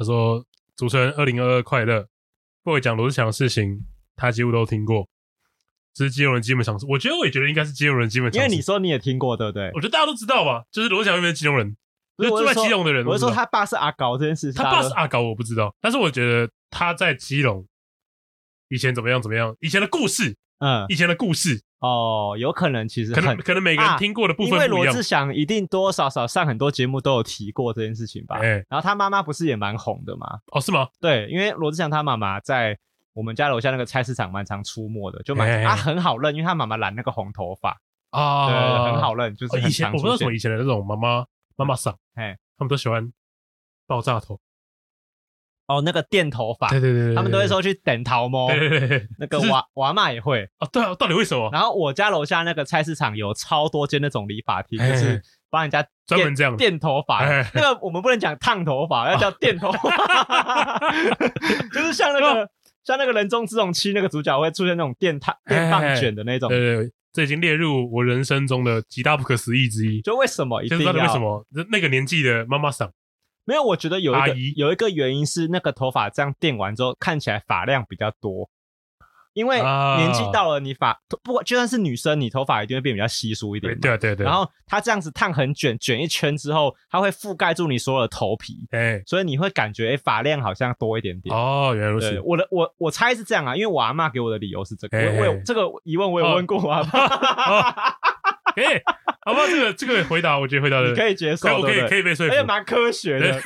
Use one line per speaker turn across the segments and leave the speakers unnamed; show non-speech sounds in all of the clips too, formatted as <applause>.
他說：“主持人，二零二二快樂，不會講羅志祥的事情，他幾乎都聽過。這是基隆人基本常識，我覺得我也覺得應該是基隆人基本常識。因為你說你也聽過，對不對？我覺得大家都知道吧，就是羅志祥那邊基隆人？就是、住在基隆的人。我，說，我說他
爸是阿高，這件事，情。他爸是阿高
我，阿高我不知道。但是我覺得他在基隆以前怎麼樣怎麼樣，以前的故事，嗯，以前的故事。”哦，有可能其實可能可能每個人、啊、聽過的部分不一樣，因為羅志
祥一定多多少少上很多節目都有提過這件事情吧、欸。然後他媽媽不是也蠻紅的嗎？哦，是嗎？對，因為羅志祥他媽媽在我們家樓下那個菜市場蠻常出沒的，就蠻他、欸啊、很好認，因為他媽媽染那個紅頭髮啊，對
對對，很好認，就是、哦、以前我們所以前的那種媽媽媽媽桑，哎、欸，他們都喜歡爆炸頭。
哦，那個電頭髮，對對對，對，對，對，對，對，他們都會說去電頭髮，對對，對對對，那個娃娃媽也會哦，對啊，到底為什麼？然後我家樓下那個菜市場有超多間那種理髮廳，就是幫人家專門這樣電頭髮嘿嘿嘿。那個我們不能講燙頭髮，要叫電頭髮，啊、 <laughs> <laughs> 就是像那個、哦、像那個人中之龍七那個主角會
出現那種電燙、電棒捲的那種嘿嘿嘿。對對，這已經列入我人生中的幾大不可思議之一。就為什麼一定要？就為什麼？那個年紀的媽媽桑。沒有，我覺得有一
個有一個原因是那個頭髮這樣墊完之後看起來髮量比較多，因為年紀到了，你髮不管就算是女生，你頭髮一定會變比較稀疏一點。對對對，對。然後它這樣子燙很捲，捲一圈之後，它會覆蓋住你所有的頭皮，所以你會感覺髮量好像多一點點。哦，
原來如此。
我的我我猜是這樣啊，因為我阿媽給我的理
由是這個，嘿嘿我，我這個疑
問我有問過我阿媽、哦。給、 <laughs> 哦。
好不好？這個這個回答，我覺得回答的可以接受，可以可以，對對可以被接受，而且蠻科學的，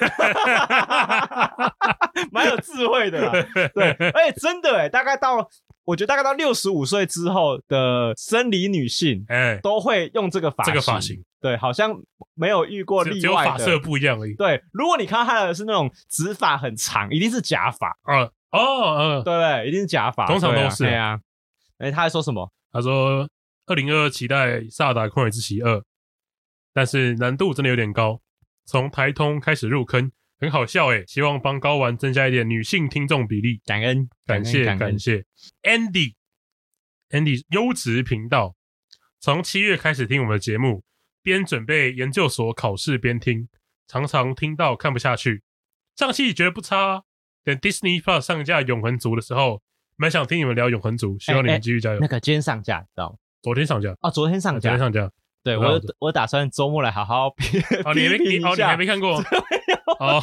<laughs> 蠻有智慧的。對，而且真的、欸，哎，大概到我覺得大概到六十五歲之後的生理女性，哎，都會用這個、欸、這個髮型。對，好像沒有遇過例外的，只有髮色不一樣而已。對，如果你看到她的是那種直髮很長，一定是假髮。嗯、
呃，哦，嗯、呃，對不對？一定是假髮，通常都是。對啊。哎、啊，她、欸、還說什麼？她說。二零二二期待《薩爾達曠野之息二》，但是難度真的有點高。從台通開始入坑，很好笑誒、欸、希望幫高玩增加一點女性聽眾比例感。感恩，感謝，感、感謝。Andy，Andy，Andy, 優質頻道。從七月開始聽我們的節目，邊準備研究所考試邊聽，常常聽到看不下去。上期覺得不差，等 Disney Plus 上架《永恆族》的時候，蠻想聽你們聊《永恆族》。希望你們繼續加油欸欸。那
個今天上架，知道嗎？
昨天上架哦，昨
天上架，啊、昨天上架。
對我，
我打算周末來好好
評評、哦、一,一下。哦，你還沒看過？有哦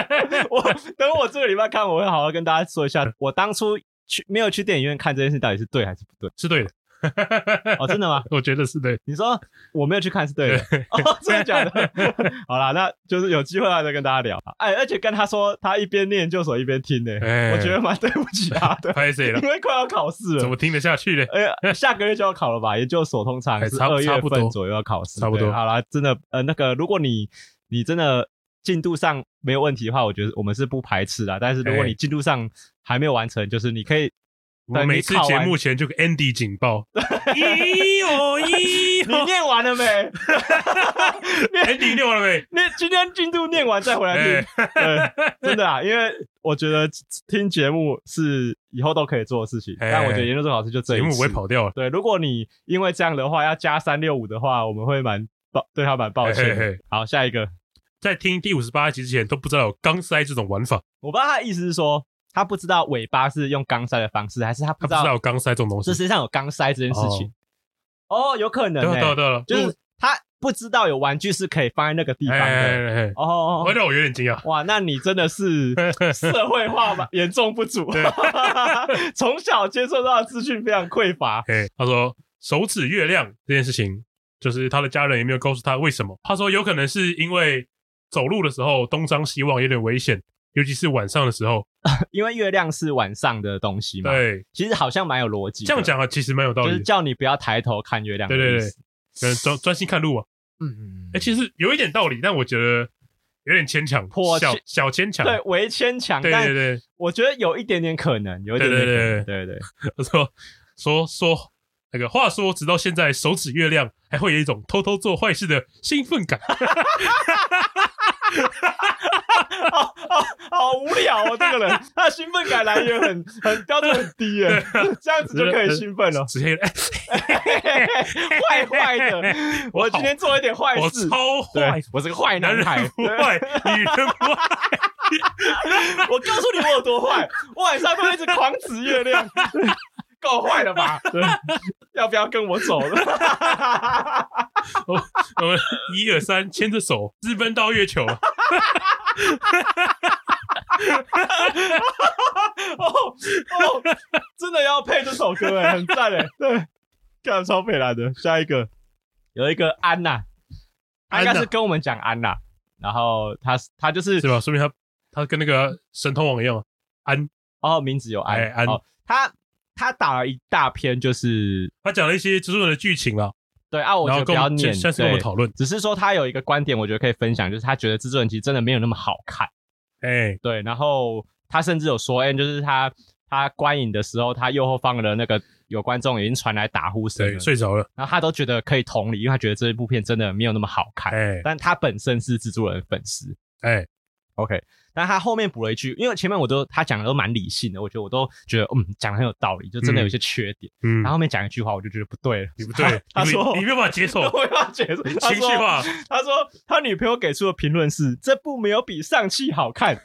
<laughs> 我，等我這個禮拜看，我會好好跟大家說一下。 <laughs> 我當初去沒有去電影院看這件事，到底是對還是不對？是對的。哦，真的嗎？我覺得是對。你說我沒有去看是對的。對哦，真的假的？ <laughs> 好了，那就是有機會話再跟大家聊。哎，而且跟他說，他一邊念研究所一邊聽呢、欸，欸、我覺得蠻對不起他的。太誰了？因為快要考試了，怎麼聽得下去呢？哎呀，下個月就要考了吧？研究所通常是二月份左右要考試、欸。差不多。好了，真的，呃，那個，如果你你真的進度上沒有問題的話，我覺得我們是不排斥啦。但是如果你進度上還沒有完成，欸、就是你可以。我每次節目
前就 Andy 警報，一五一，你念完了沒 <laughs> <laughs> ？Andy
念完了沒？那今天進度念完再回來聽， <laughs> 真的啊，因為我覺得聽節目是以後都可以做的事情， <laughs> 但我覺得年度正好是就這一集不 <laughs> 會跑掉了。對，如果你因為這樣的話要加三六五的話，我們會蠻抱對他蠻抱歉。 <laughs>
好，下一個，在聽第五十八集之前都不知道有肛塞
這種玩法。我不知道他的意思是說。他不知道尾巴是用肛塞的方式，還是他不知道，不知道有肛塞這種東西。是實際上有肛塞這件事情，哦、oh. oh,，有可能、欸、對，了對了，就是他不知道有玩具是可以放在那個地方的。哦，讓我有點驚訝。哇，那你真的是
社會化嚴重不足，從 <laughs> 對 <laughs> <laughs> 小接受到的資訊非常匱乏。Hey, 他說手指月亮這件事情，就是他的家人也沒有告訴他為什麼。他說有可能是因為走路的時候東張西望有點危險。尤其是晚上的時候，因為月亮是晚上的東西嘛。對，其實好像蠻有邏輯。這樣講啊，其實蠻有道理，就是叫你不要抬頭看月亮的，對對對，嗯，專專心看路啊。嗯嗯。哎、欸，其實有一點道理，但我覺得有點牽強，頗，小小牽強，對，微牽強。對對對，我覺得有一點點可能，有一點點可能，對對，說說說。那個話說，直到現在手指月亮還會有一種偷偷做壞事的興奮感。 <laughs> 好。啊，好無聊哦，這個人，他的興奮感來源很很標準很低耶，這樣
子就可以興
奮了。直接壞壞、欸、的我，我今天做了一點壞事，我超壞，我是個壞男孩，壞，女人
壞。我告訴你我有多壞，我晚上會一直狂指月亮。夠壞
了吧？ <laughs>
要不要跟我走了？
我們一二三，牽着手，私奔到月球。哦哦，真的要配這首歌哎，很讚哎。對，
看超配來的。下一個有一個安吶，他應該是跟我們講安啊，然後他他就是對吧？說不定他他跟那個神通王一樣。安哦，名字有安，哎、安，oh, 他。他打了一大篇，就是他講了一些蜘蛛人的劇情了。對啊，我就比較念，然後跟下次跟我們討論。只是說他有一個觀點，我覺得可以分享，就是他覺得蜘蛛人其實真的沒有那麼好看。哎、欸，對。然後他甚至有說，哎、欸，就是他他觀影的時候，他右後方的那個有觀眾已經傳來打呼聲，睡着了。然後他都覺得可以同理，因為他覺得這一部片真的沒有那麼好看。哎、欸，但他本身是蜘蛛人的粉絲。哎、欸。OK，但他後面補了一句，因為前面我都他講的都蠻理性的，我覺得我都覺得嗯講的很有道理，就真的有一些缺點。嗯，然後後面講一句話，我就覺得不對了，你不對他你。他說：“你沒辦
法接受，沒辦法接受。解”情緒化。
他說：“他女朋友給出的評論是這部沒有比尚氣好看。 <laughs> ”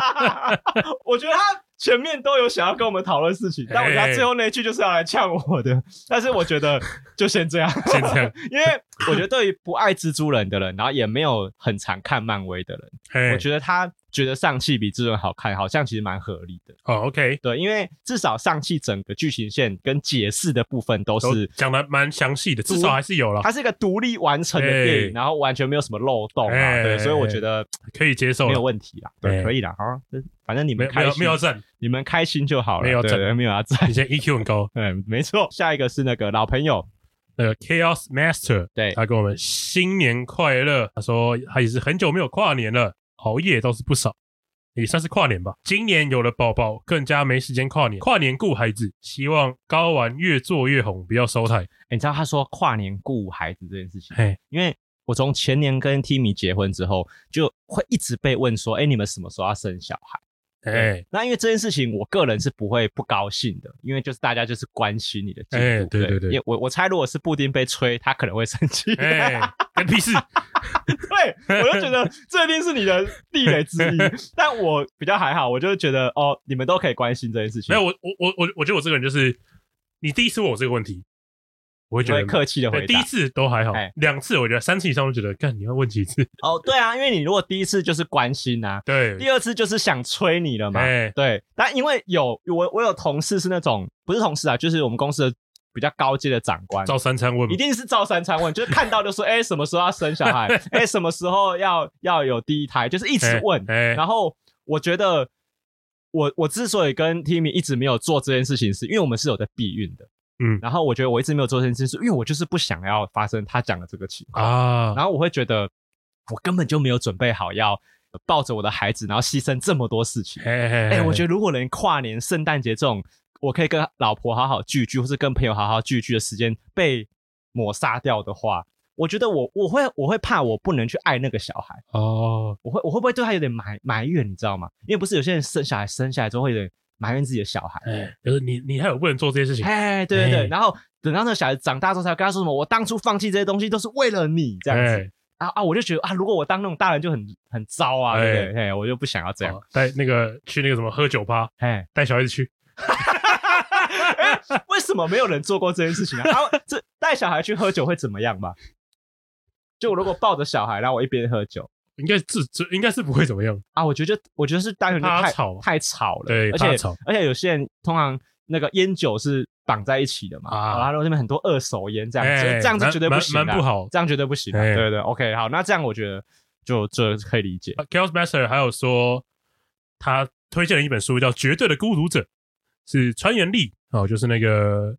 <laughs> <laughs> 我覺得他。前面都有想要跟我們討論事情，但我覺得他最後那一句就是要來嗆我的。欸欸欸，但是我覺得就先這樣， <laughs> 先這樣，因為我覺得對於不愛蜘蛛人的人，然後也沒有很常看漫威的人，欸欸我覺得他。覺得上汽比智尊好看，好像其實蠻合理的。哦、oh,，OK，對，因為至少上汽整個劇情線跟解釋的部分都是講得蠻詳細的，至少還是有了。它是一個獨立完成的電影，然後完全沒有什麼漏洞啊。Hey. 對，所以我覺得可以接受，沒有問題啦。對，hey. 可以啦啊，反正你們開心沒，沒有，沒有你們開心就好了。沒有證，沒有證。你先 EQ 很高，
嗯，沒錯。下一個是那個老朋友、uh,，Chaos Master，對，他跟我們新年快樂。他說他也是很久沒有跨年了。熬夜倒是不少，也算是跨年吧。今年有了寶寶，更加沒時間跨年。跨年顧孩子，希望高玩越做越紅，不要收台。欸、你知道他說跨年顧孩子這件事情？哎、
欸，因為我從前年跟 Timmy 結婚之後，就會一直被問說：“哎、欸，你們什麼時候要生小孩？”哎、欸，那因為這件事情，我個人是不會不高興的，因為就是大家就是關心你的進度、欸。對對對，對，我我猜如果是布丁被催，他可能會生氣。欸 <laughs> 屁 <laughs> 事
<laughs>
對我就覺得這一定是你的地雷之一， <laughs>
但我比較還好，我就覺得哦，你們都可以關心這件事情。沒有，我我我我我覺得我這個人就是，你第一次問我這個問題，我會覺得客氣的回答。第一次都還好，兩次我覺得，三次以上我覺得，幹你要問幾次？哦，對啊，因為你如果第一次就是關心啊，對，第
二次就是想催你了嘛，對。但因為有我，我有同事是那種不是同事啊，就是我們公司的。比較高階的長官，照三餐問，一定是照三餐問，就是看到就說哎、 <laughs> 欸，什麼時候要生小孩？哎、 <laughs> 欸，什麼時候要要有第一胎？就是一直問。嘿嘿然後我覺得我，我我之所以跟 Timmy 一直沒有做這件事情是，是因為我們是有在避孕的。嗯，然後我覺得我一直沒有做這件事情是，是因為我就是不想要發生他講的這個情況啊。然後我會覺得，我根本就沒有準備好要抱着我的孩子，然後犧牲這麼多事情。哎、欸，我覺得如果連跨年、聖誕節這種……我可以跟老婆好好聚聚，或是跟朋友好好聚聚的時間被抹殺掉的話，我覺得我我會我會怕我不能去愛那個小孩哦。Oh. 我會我會不會對他有點埋埋怨，你知道嗎？因為不是有些人生小孩生下來之後會有點埋怨自己的小孩，欸、就是你你還有不能做這些事情，哎、欸、對對對、欸。然後等到那個小孩長大之後，才跟他說什麼：我當初放棄這些東西都是為了你這樣子。欸、啊啊！我就覺得啊，如果我當那種大人就很很糟啊，哎、欸
對對對，我就不想要這樣。帶、哦、那個去那個什麼喝酒吧，哎、欸，帶小孩子去。 <laughs>
<laughs> 為什麼沒有人做過這件事情啊？ <laughs> 啊這帶小孩去喝酒會怎麼樣吧？就如果抱着小孩，然後我一邊喝酒，應該是這這應該是不會怎麼樣啊？我覺得我覺得是大人太吵太，太吵了，對，吵而且而且有些人通常那個烟酒是綁在一起的嘛啊，啊，那邊很多二手煙這樣，欸欸這樣子絕對不行不，這樣絕對不
行、欸。對對，對，OK，好，那這樣我覺得就這可以理解。Kales Master 還有說，他推薦了一本書叫《絕對的孤獨者》。是川原礫，哦，就是那個《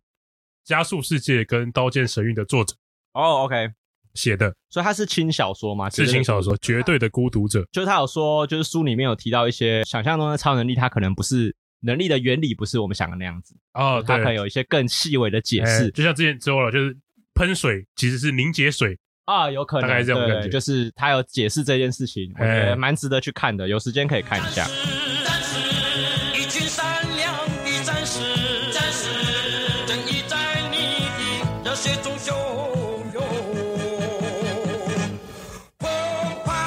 加速世界》跟《刀劍神域》的作者哦、oh,，OK 寫的，
所以他是輕小說嘛、就是？是輕小說，
絕對的孤獨者。
就是他有說，就是書裡面有提到一些想象中的超能力，他可能不是能力的原理，不是我們想的那樣子
哦，就是、他可能有
一些更細微的解釋、欸，
就像之前說了，就是噴水其實是凝結水啊，有可能。大概這種感覺，就
是他有解釋這件事情，我覺得蠻值得去看的，欸、有時間可以看一下。心
中洶湧澎湃。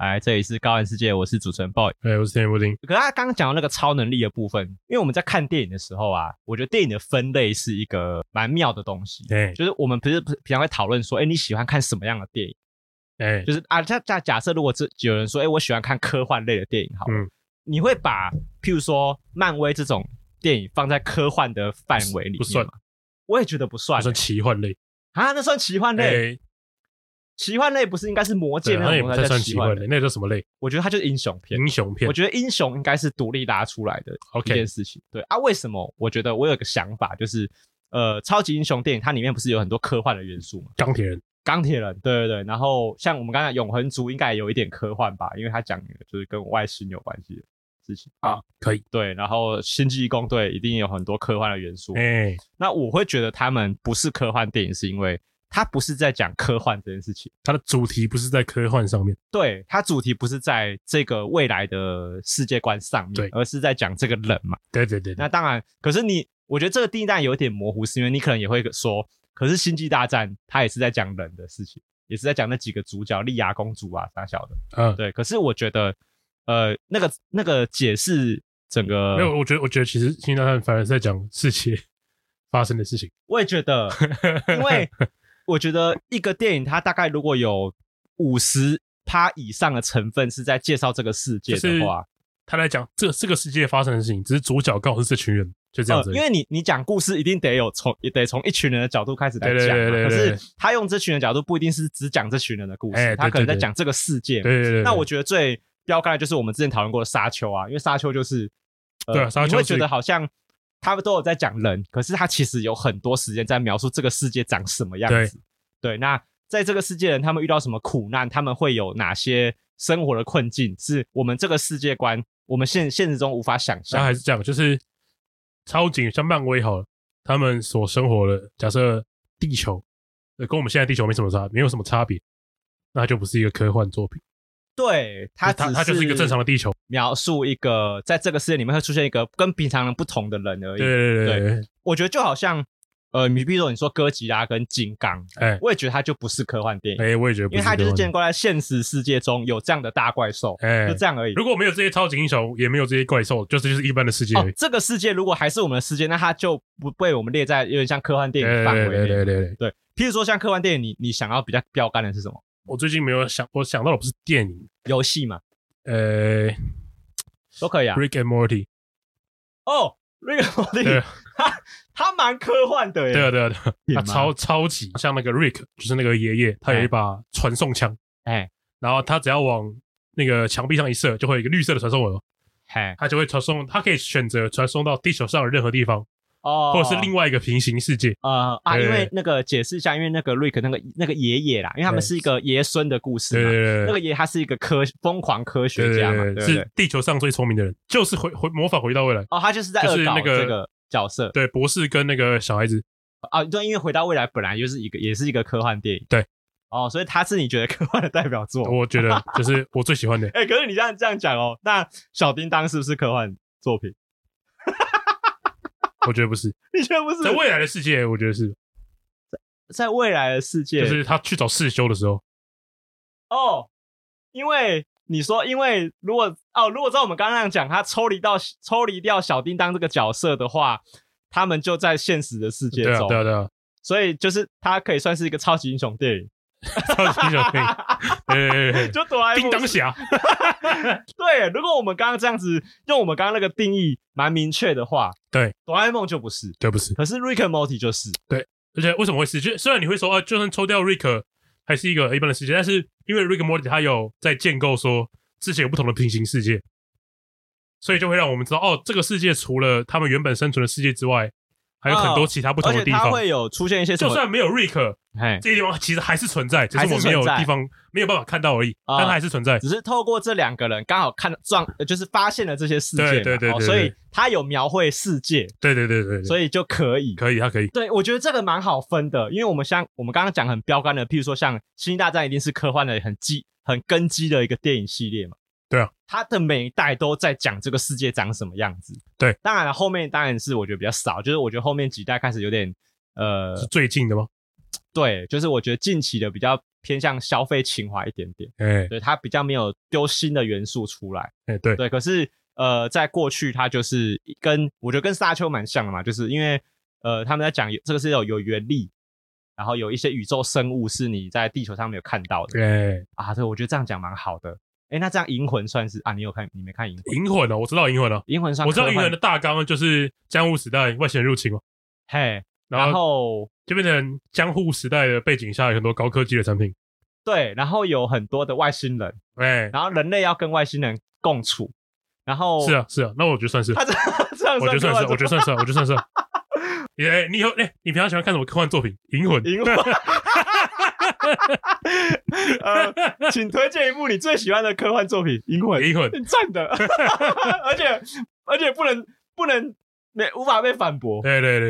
來，這裡是高安世界，我是主持人 boy，我、hey, 是 t i m，他剛剛講到那個超能力的部分，因為我們在看電影的時候啊，我覺得電影的分類是一個蠻妙的東西。對、hey.，就是我們不是平常會討論說、欸，你喜歡看什麼樣的電影？哎，就是啊，假假假設，如果這有人說，哎、欸，我喜歡看科幻類的電影，好、嗯，你會把譬如說漫威這種電影放在科幻的範圍裡面嗎？不算，我也覺得不算、欸，不算奇幻類啊，那算奇幻類？欸、奇幻類不是應該是魔戒那種？那也不算，算奇幻
類？那就什麼類？我覺得它就是英雄片，英
雄片。我覺得英雄應該是獨立拉出來的一件事情。Okay. 對啊，為什麼？我覺得我有個想法，就是呃，超級英雄電影它裡面不是有很多科幻的元素嗎？鋼鐵人。鋼鐵人，對對對，然後像我們剛才，永恆族應該有一點科幻吧，因為他講就是跟外星有關係的事情啊，可以，對，然後星際異攻隊一定有很多科幻的元素，哎、欸，那我會覺得他們不是科幻電影，是因為它不是在講科幻這件事情，它的主
題不是在科幻上面，
對，它主題不是在這個未來的世界觀上面，而是在講這個人嘛，對，對對對，那當然，可是你，我覺得這個定義有點模糊，是因為你可能也會說。可是《星際大戰》它也是在講人的事情，也是在講那幾個
主角莉亞公主啊，啥小的，嗯、
啊，對。可是我覺得，呃，那個那個解釋整個沒有，
我覺得，我覺得其實《星際大戰》反而是在講事情發生的事情。
我也覺得，因為我覺得一個電影它大概如果有五十趴以上的成分是在介紹這個世界的話，就是、他來講
這這個世界發生的事情，只是主角告訴這群人。就這樣子、呃，因為
你你講故事一定得有從也得從一群人的角度開始來講、啊、可是他用這群人的角度，不一定是只講這群人的故事，欸、對對對，他可能在講這個世界。對對對對對對對對，那我覺得最標杆的就是我們之前討論過的沙丘啊，因為沙丘就是，呃對啊、沙丘是你會覺得好像他們都有在講人，可是他其實有很多時間在描述這個世界長什麼樣子。對，對那在這個世界人他們遇到什麼苦難，他們會有哪些生活的困境，是我們這個世界觀我們現現實中無法想象。還是
講就是。超級像漫威好了，他們所生活的假設地球，跟我們現在地球沒什麼差，沒有什麼差別，那就不是一個科幻作品。
對，它它就是一個正常的地球，描述一個在這個世界裡面會出現一個跟平常人不同的人而已。對對對，對,對，我覺得就好像。呃，你比如說，你說哥吉拉跟金剛，哎、欸，我也覺得它就不是科幻電影，哎、
欸，我也覺得不是，因為它就是建
立在現實世界中有這樣的大怪獸，哎、欸，就這樣
而已。如果沒有這些超級英雄，也沒有這些怪獸，就是就是一般的世界，哦。
這個世界如果還是我們的世界，那它就不被我們列在有點像科幻電影範圍，欸。對對對對,對,對，譬如說像科幻電影，你你想要比較標杆的是什麼？我
最近沒有想，我想到的不是電影，遊戲嘛，呃、欸，都可以啊。啊 Rick and Morty。哦、
oh,，Rick and Morty。啊。哈 <laughs> 他蠻科幻的耶，對對對，他超
超級像那個 Rick，就是那個爺爺，他有一把傳送槍，哎，然後他只要往那個牆壁上一射，就會有一個綠色的傳送門，嘿，他就會傳送，他可以選擇傳送到地球上的任何地方，哦，或者是另外一個平行世界。呃啊對對對，因
為那個解釋一下，因為那個 Rick 那個那個爺爺啦，因為他們是一個爺孫
的故事嘛，對對對對，那個爺爺他是一個科瘋
狂科學家嘛，對對對對對對，是
地球上最聰明的人，就是回回模仿回到未來哦，他就是在就是那個。這個角色對博士跟那個小孩子
啊，對，因為回到未來本來就是一個也是一個科幻電影，對，哦，所以他是你覺得科
幻的代表作，我覺得就是我最喜歡的。哎 <laughs> 、
欸，可是你這樣這樣講哦，那小叮噹是不
是科幻作品？哈哈哈。我覺得不是，你覺得不是？在未來的世界，我覺得是在
在未來的世界，就是他去找世修的時候哦，因為。你說，因為如果哦，如果照我們剛剛那樣講，他抽離到抽離掉小叮噹這個角色的話，他們就在現實的世界中。對啊，對啊，對啊，所以就是他可以算是一個超級英雄電影，超級英雄電
影。就哆啦 A 夢。叮噹俠。
對，如果我們剛剛這樣子用我們剛剛那個定義蠻明確的話，對，哆啦 A 夢就不是，對，不是。可是 Rick and Morty
就是。對，而且為什麼會是？就雖然你會說，啊，就算抽掉 Rick 還是一個一般的世界，但是。因為 Rick and Morty 他有在建構說之前有不同的平行世界，所以就會讓我們知道哦，這個世界除了他們原本生存的世界之外，還有很多其他不同的地方、哦，它會有出現一些，就算沒有瑞克，這些地方其實還是存在，只是我們沒有地方
沒有辦法看到而已，哦、但它還是存在。只是透過這兩個人，剛好看撞，就是發現了這些世界嘛，對對，對對對，所以他有描
繪世界，對，對對對對，所以就可以，可以他可以。
對，我覺得這個蠻好分的，因為我們像我們剛剛講很標杆的，譬如說像《星際大戰》，一定是科幻的很基很根基的一個電影系列嘛。對啊，他的每一代都在講這個世界長什麼樣子。對，當然了，後面當然是我覺得比較少，就是我覺得後面幾代開始有點
呃。是最近的嗎？
對，就是我覺得近期的比較偏向消費情懷一點點。哎、欸，對，他比較沒有丟新的元素出來。哎、欸，對。對，可是呃，在過去他就是跟，我覺得跟沙丘蠻像的嘛，就是因為呃，他們在講這個是有有原力，然後有一些宇宙生物是你在地球上沒有看到的。對、欸、啊，對，我覺得這樣講蠻好的。哎、欸，那這樣《銀魂》算是啊？你有看？你沒看《銀魂》？《銀魂、啊》呢？我知道
銀魂、啊《銀魂》了，《銀魂》算。我知道《銀魂》的大綱就是江戶時代外星人入侵嘛。嘿、hey,，然後就變成江戶時代的背景下，有很多高科技的產品。
對，然後有很多的外星人。哎、hey,，然後人類要跟外星人共處。然後是啊，
是啊，那我覺，啊我覺得算是。
我覺得算是，我覺得算是，
我覺得算是。哎、 <laughs> 欸，你有哎、欸？你平常喜歡看什麼科幻作品？《銀魂》《銀魂。》 <laughs> <laughs> 呃，請推薦一部你最喜歡的科幻作品《銀魂》。銀魂，真的， <laughs> 而且而且不能不能沒無法被反駁。對對對，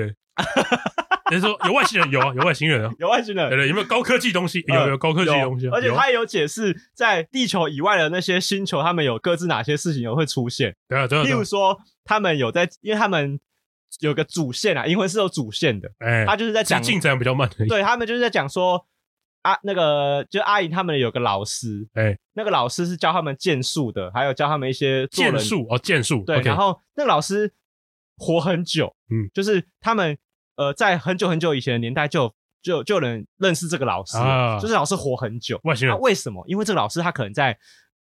人 <laughs> 說有外星人，有啊，有外星人啊，有外星人。對對對有沒有高科技東西？呃、有有高科技東西、啊。而且他也
有解釋，在地球以外的那些星球，他們有各自哪些事情有會出現對、啊。對啊，對啊，例如說，他們有在，因為他們有個主線啊，《銀魂》是有主線的。哎、欸，他就是在講進展比較慢。對他們就是在講說。阿、啊、那個就阿姨他們有個老師，哎、欸，那個老師是教他們劍術的，還有教他們一些劍術哦，劍術對。Okay. 然後那個老師活很久，嗯，就是他們呃在很久很久以前的年代就就就能認識這個老師、啊，就是老師活很久、啊啊。為什麼？因為這個老師他可能在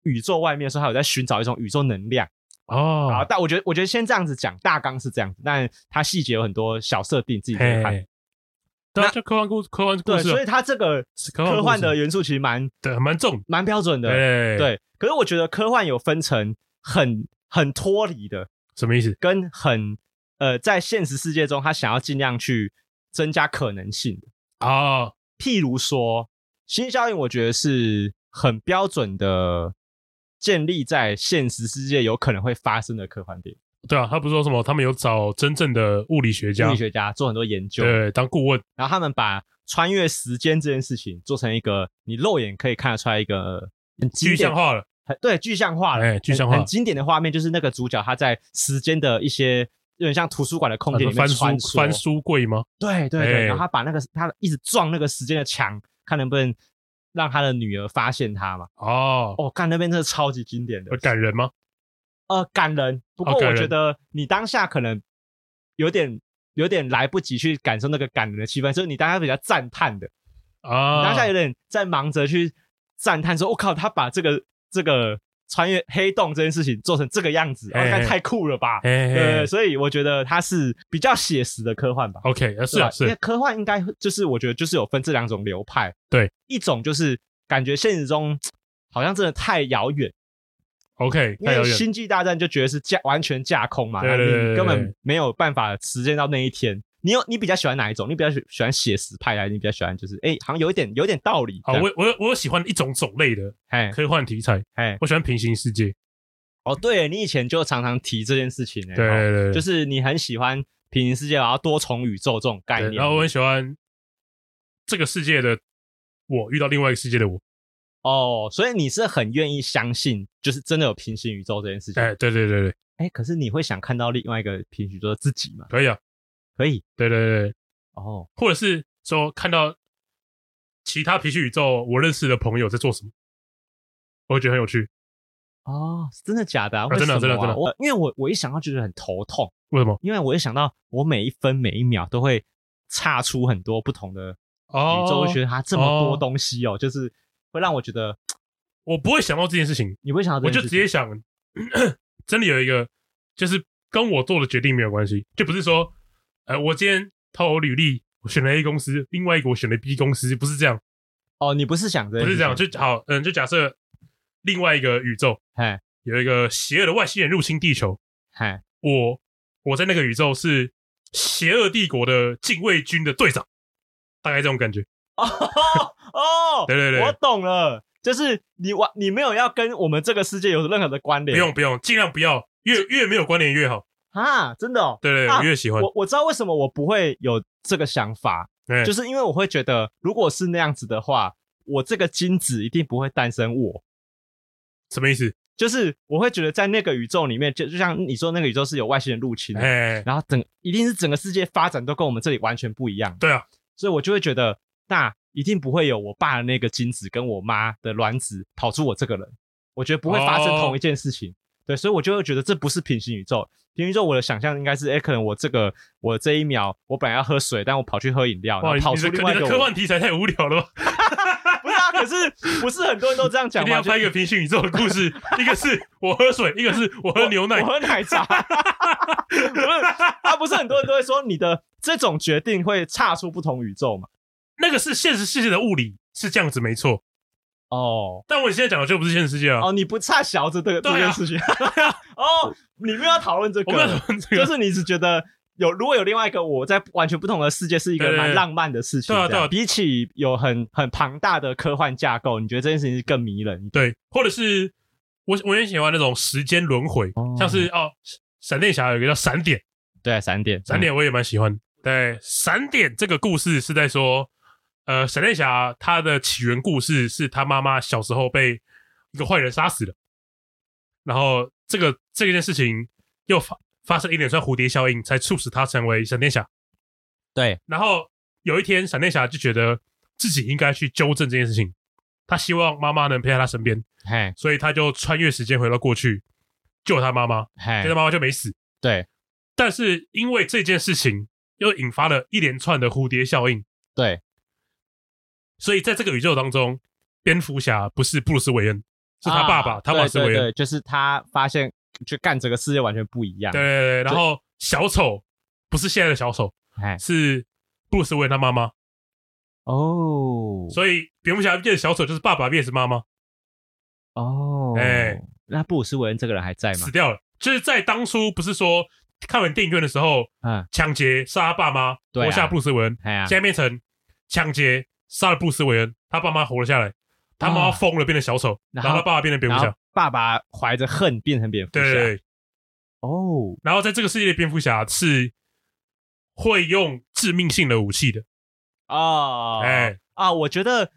宇宙外面的時候，他有在尋找一種宇宙能量哦、嗯。但我覺得，我覺得先這樣子講大綱是這樣子，但他細節有很多小設定，自己可以看。那科幻故科幻故事，對科幻故
事、啊，所以它這個科幻的
元素其實蠻、啊、對，蠻重，蠻標準的、欸對，對。可是我覺得科幻有分成很很脫離的，什麼意思？跟很呃，在現實世界中，他想要盡量去增加可能性、哦、啊。譬如說，星際效應，我覺得是很標準的，建立在現實世界有可能會發生的科幻點。
對啊，他不是說什麼？他們有找真正的物理學家，物理學
家做很多研究，對，當顧問。然後他們把穿越時間這件事情做成一個你肉眼可以看得出來一個很具象化的，對，具象化的，哎、欸，具象化很,很經典的畫面，就是那個主角他在時間的一些有點像圖書館的空間裡面、啊那個、翻書，翻書
櫃嗎？對對對、欸，然後
他把那個他一直撞那個時間的牆，看能不能讓他的女兒發現他嘛？哦，哦，看那邊真的超級經典的，感人嗎？呃，感人。不過我覺得你當下可能有點有點來不及去感受那個感人的氣氛，就是你當下比較讚嘆的啊，哦、當下有點在忙着去讚嘆說：“我、哦、靠，他把這個這個穿越黑洞這件事情做成這個樣子，哎哎應該太酷了吧？”對、哎哎呃，所以我覺得它是比較寫實的科幻吧。OK，是啊，是，啊是科幻應該就是我覺得就是有分這兩種流派，對，一種就是感覺現實中好像真的太遙遠。OK，因為《星際大戰》就覺得是架完全架空嘛，對對對對。你根本沒有辦法實踐到那一天。你有你比較喜歡哪一種？你比較喜，喜歡寫實派來，還是你比較喜歡就是哎、欸，好像有一點有一點道理哦，我
我我有喜歡一種種類的嘿可科幻題材嘿，我喜歡平行世界。哦，對，你以前就常常
提這件事情對對對，對，就是你很喜歡平行世界，然後多重宇宙這種概念，然後我很喜歡這個世界的我遇到另外一個世界的我。哦、oh，所以你是很願意相信，就是真的有平行宇宙這件事情。哎、欸，對對對對，哎、欸，
可是你會想看到另外一個平行宇宙的自己嗎？可以啊，可以。對對對，哦、oh，或者是說看到其他平行宇宙我認識的朋友在做什麼，我會覺得很有趣。是、oh, 真的假的、啊啊？真的、啊啊、真的、啊、真的、啊。
我因為我我一想到覺得很頭痛。為什麼？因為我一想到我每一分每一秒都會岔出很多不同的宇宙，oh, 就覺得它這麼多、oh. 東西哦，就是。讓我覺得，
我不會想到這件事情。你不會想到這，我就直接想，咳咳，真的有一個，就是跟我做的決定沒有關係，就不是說，呃，我今天投我履歷，我選了 A 公司，另外一個我選了 B 公司，不是這樣。哦，你不是想這，不是這樣，就好，嗯，就假設另外一個宇宙，嘿，有一個邪惡的外星人入侵地球，嘿，我我在那個宇宙是邪惡帝國的禁衛軍的隊長，大概這種感覺。哦、oh.。哦、oh,，對對對，我懂了，
就是你玩，你沒有要跟我們這個世界有任何的關聯，不用不用，盡量不要，越越
沒有關聯越好
啊！真的哦、喔，對對，對，啊、我越喜歡我我知道為什麼我不會有這個想法，對，就是因為我會覺得，如果是那樣子的話，我這個精子一定不會誕生我。什麼意思？就是我會覺得在那個宇宙裡面，就就像你說那個宇宙是有外星人入侵的，哎，然後整一定是整個世界發展都跟我們這裡完全不一樣，對啊，所以我就會覺得那。一定不會有我爸的那個精子跟我媽的卵子跑出我這個人，我覺得不會發生同一件事情。Oh. 對，所以我就會覺得這不是平行宇宙。平行宇宙我的想象應該是，哎、欸，可能我這個我這一秒我本來要喝水，但我跑去喝
飲料，然後跑出另外一個。你的你的科幻題材太無聊了。 <laughs> 不是啊，可是不是很多人都這樣講？你要拍一個平行宇宙的故事， <laughs> 一個是我喝水，一個是我喝牛奶，我，我喝奶
茶。不 <laughs> 是、啊，他不是很多人都會說你的這種決定會岔
出不同宇宙嘛？那個是現實世界的物理是這樣子，沒錯哦。Oh. 但我現在講的就不是現實世界、oh, 這個、啊。哦，你不差小子的這件事情。哦、 <laughs> oh,，你不
要討論這個，討論這個。就是你只覺得有如果有另外一個我在完全不同的世界，是一個蠻浪漫的事情。對，對，對，對啊，對啊。比起有很很龐大的科幻架構，你覺得這件事情是
更迷人？對，或者是我我也喜歡那種時間輪回，oh. 像是哦，閃電俠有一個叫閃點，對、啊，閃點，閃點我也蠻喜歡。嗯、對，閃點這個故事是在說。呃，閃電俠他的起源故事是他媽媽小時候被一個壞人殺死的，然後這個這件事情又發發生一連串蝴蝶效應，才促使他成為閃電俠。對，然後有一天，閃電俠就覺得自己應該去糾正這件事情，他希望媽媽能陪在他身邊，嘿，所以他就穿越時間回到過去，救他媽媽，嘿，他媽媽就沒死。對，但是因為這件事情又引發了一連串的蝴蝶效應。對。所以在這個宇宙當中，蝙蝠俠不是布魯斯·韋恩，是他爸爸湯馬斯·韋恩。對對對，就是他發現去干這個世界完全
不一樣。對對對，然後
小丑不是現在的小丑，是布魯斯·韋恩他媽媽。哦，所以蝙蝠俠變小丑就是爸爸變成媽媽。哦，哎、欸，那布魯斯·韋恩這個人還在嗎？死掉了。就是在當初不是說看完電影院的時候，嗯，搶劫殺他爸媽，留、啊、下布魯斯·韋恩，現在變成搶劫。殺了布斯韋恩，他爸媽活了下來，他媽瘋了，變成小丑，哦、然後他爸爸變成蝙蝠俠。然後然後爸爸懷着恨變成蝙蝠俠。對，哦。然後在這個世界的蝙蝠俠是會用致命性的武器的。哦，哎、欸、啊！我覺得，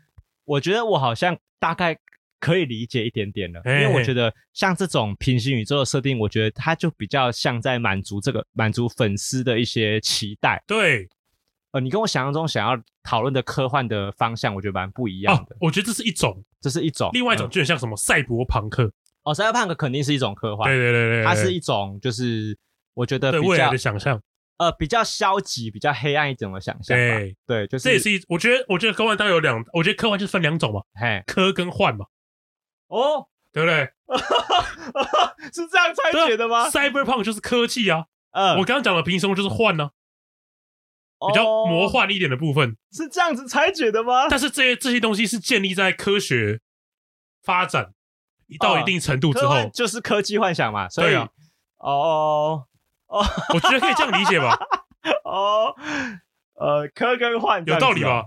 我覺得我好像大概
可以理解一點點了。欸、因為我覺得像這種平行宇宙的設定，我覺得它就比較像在滿足這個滿足粉絲的一些期待。對。呃，你跟我想象中想要討論的科幻的方向，我覺得蠻不一樣的、啊。我
覺得這是一種，這是一
種，另外一種就很像什麼賽、嗯、博朋克。哦，賽博朋克肯定是一種科幻。對對，對對對對，它是一種就
是我覺得比較對未來的想象，呃，比較消極、比較黑暗一種的想象。對對、就是，這也是一，我覺得我覺得科幻它有兩，我覺得科幻就是分兩種嘛嘿，科跟幻嘛。哦，對不對？
<laughs> 是這樣拆解的嗎？賽博
朋克就是科技啊。呃、嗯、我剛剛講的憑鬆就是幻呢、啊？嗯嗯比較魔幻一點的部分、哦、
是這樣子拆解的嗎？但是
這些這些東西是建立在科學發展一到一定程度之後，呃、就是科技幻想嘛。所以。哦
哦，我覺得可以這樣理解吧。 <laughs> 哦，呃，科跟幻有道理吧？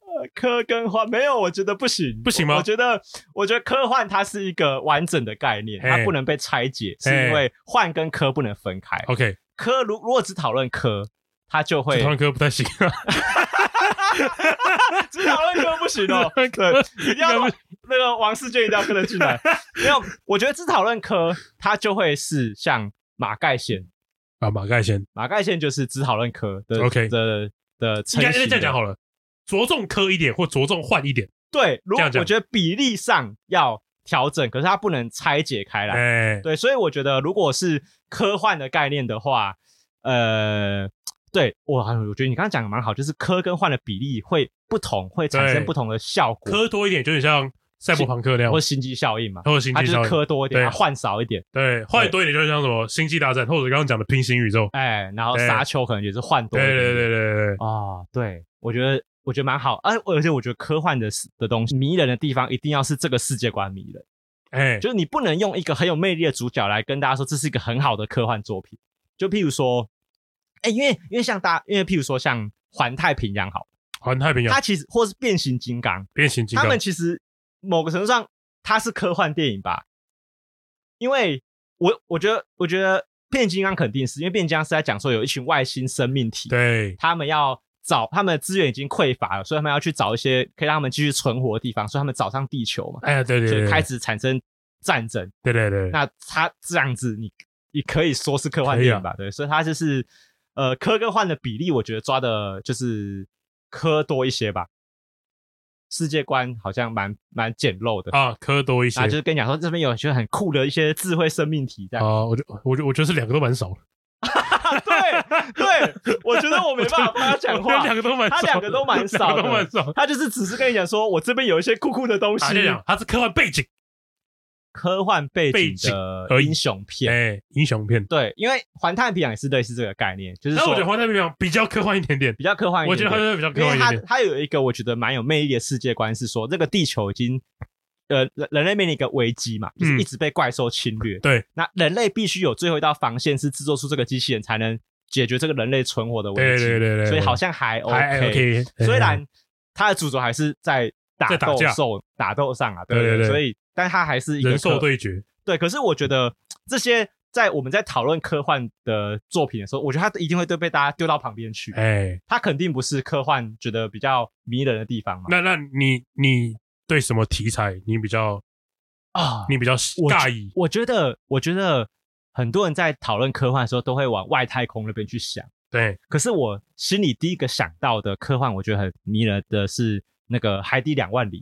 呃，科跟幻沒有，我覺得不行，不行嗎？我，我覺得，我覺得科幻它是一個完整的概念，它不能被拆解，是因為幻跟科不能分開。OK，科如如果只討論科。
他就會。只討論科不太行。哈
哈哈哈哈！只討論科不行哦、喔、對，一定要那個王世堅一定要跟着進來。 <laughs> 沒有，我覺得只討論科，他就會是像馬蓋先啊，馬蓋先，馬蓋先就是只討論科的。OK 的的。應該，應該這樣講好了，着重科一點，或着重換一點。對，如果我覺得比例上要調整，可是他不能拆解開來。哎、欸，對，所以我覺得如果是科幻的概念的話，呃。對我，我覺得你剛剛講的蠻好，就是科跟幻的比例會不同，會產生不同的效果。科
多一點，有點像賽博朋克那樣，或星際效應嘛，或星際效應。它就是科多一點，幻少一點。對，幻多一點，就是像什麼星際大戰，或者剛剛講的平行宇宙。
哎，然後沙
丘可能也是幻多一點。對對對對對。啊，對，對，哦，
對，我，我啊，我覺得我覺得蠻好。哎，而且我覺得科幻的的東西，迷人的地方一定要是這個世界觀迷人。哎，
就
是你不能用一個很有魅力的主角來跟大家說這是一個很好的科幻作品。就譬如說。哎、欸，因為因為像大，因為譬如說像環太平洋好，環太平洋，它其實或是變形金剛，變形金剛，他們其實某個程度上它是科幻電影吧？因為我我覺得我覺得變形金剛肯定是因為變形金剛是在講說有一群外星生命體，對，他們要找他們的資源已經匱乏了，所以他們要去找一些可以讓他們繼續存活的地方，所以他們找上地球嘛，哎，對對，對，開始產生戰爭，
對對對，那
它這樣子，你你可以說是科幻電影吧？啊、對，所以它就是。呃，科跟幻的比例我覺得抓的就是科多一些吧，世界觀好像蠻蠻簡陋的啊，科多一些，啊，就是跟你講說這邊有些很酷的一些智慧生命體在。啊，我覺我就我覺得是
兩個都蠻少哈， <laughs> <laughs> <laughs> 對對，我覺得我沒辦法跟他講話，他兩個都蠻少，兩個都蠻少，
他就是只是跟你講說我這邊有一些酷酷的東西，他,他是科幻背景。科幻背景的英
雄片，哎、欸，英雄片，對，
因為《環太平洋》也是類似這個概念。那、就是、我覺得《環
太平洋》比較科幻一點點，比較科幻一點點。我覺得《環太平洋》比較科幻一點，點。因為它它
有一個我覺得蠻有魅力的世界觀，是說這個地球已經呃人類面臨一個危機嘛，就是一直被怪獸侵略、嗯。對，那人類必須有最後一道防線，是制作出這個機器人，才能解決這個人類存活的危機。對對對對，所以好像還 OK。還還 OK, 雖然它的主角還是在打鬥獸、打鬥上啊對對對，對對對，所以。但他還是一個人獸對決，對。可是我覺得這些在我們在討論科幻的作品的時候，我覺得他都一定會被被大家丟到旁邊去。哎、欸，他肯定不是科幻覺得比較迷人的地方嘛。
那那你你對什麼題材你比較啊？
你比較尬意我？我覺得，我覺得很多人在討論科幻的時候都會往外太空那邊去想。對。可是我心裡第一個想到的科幻，我覺得很迷人的，是那個《海底兩萬里》。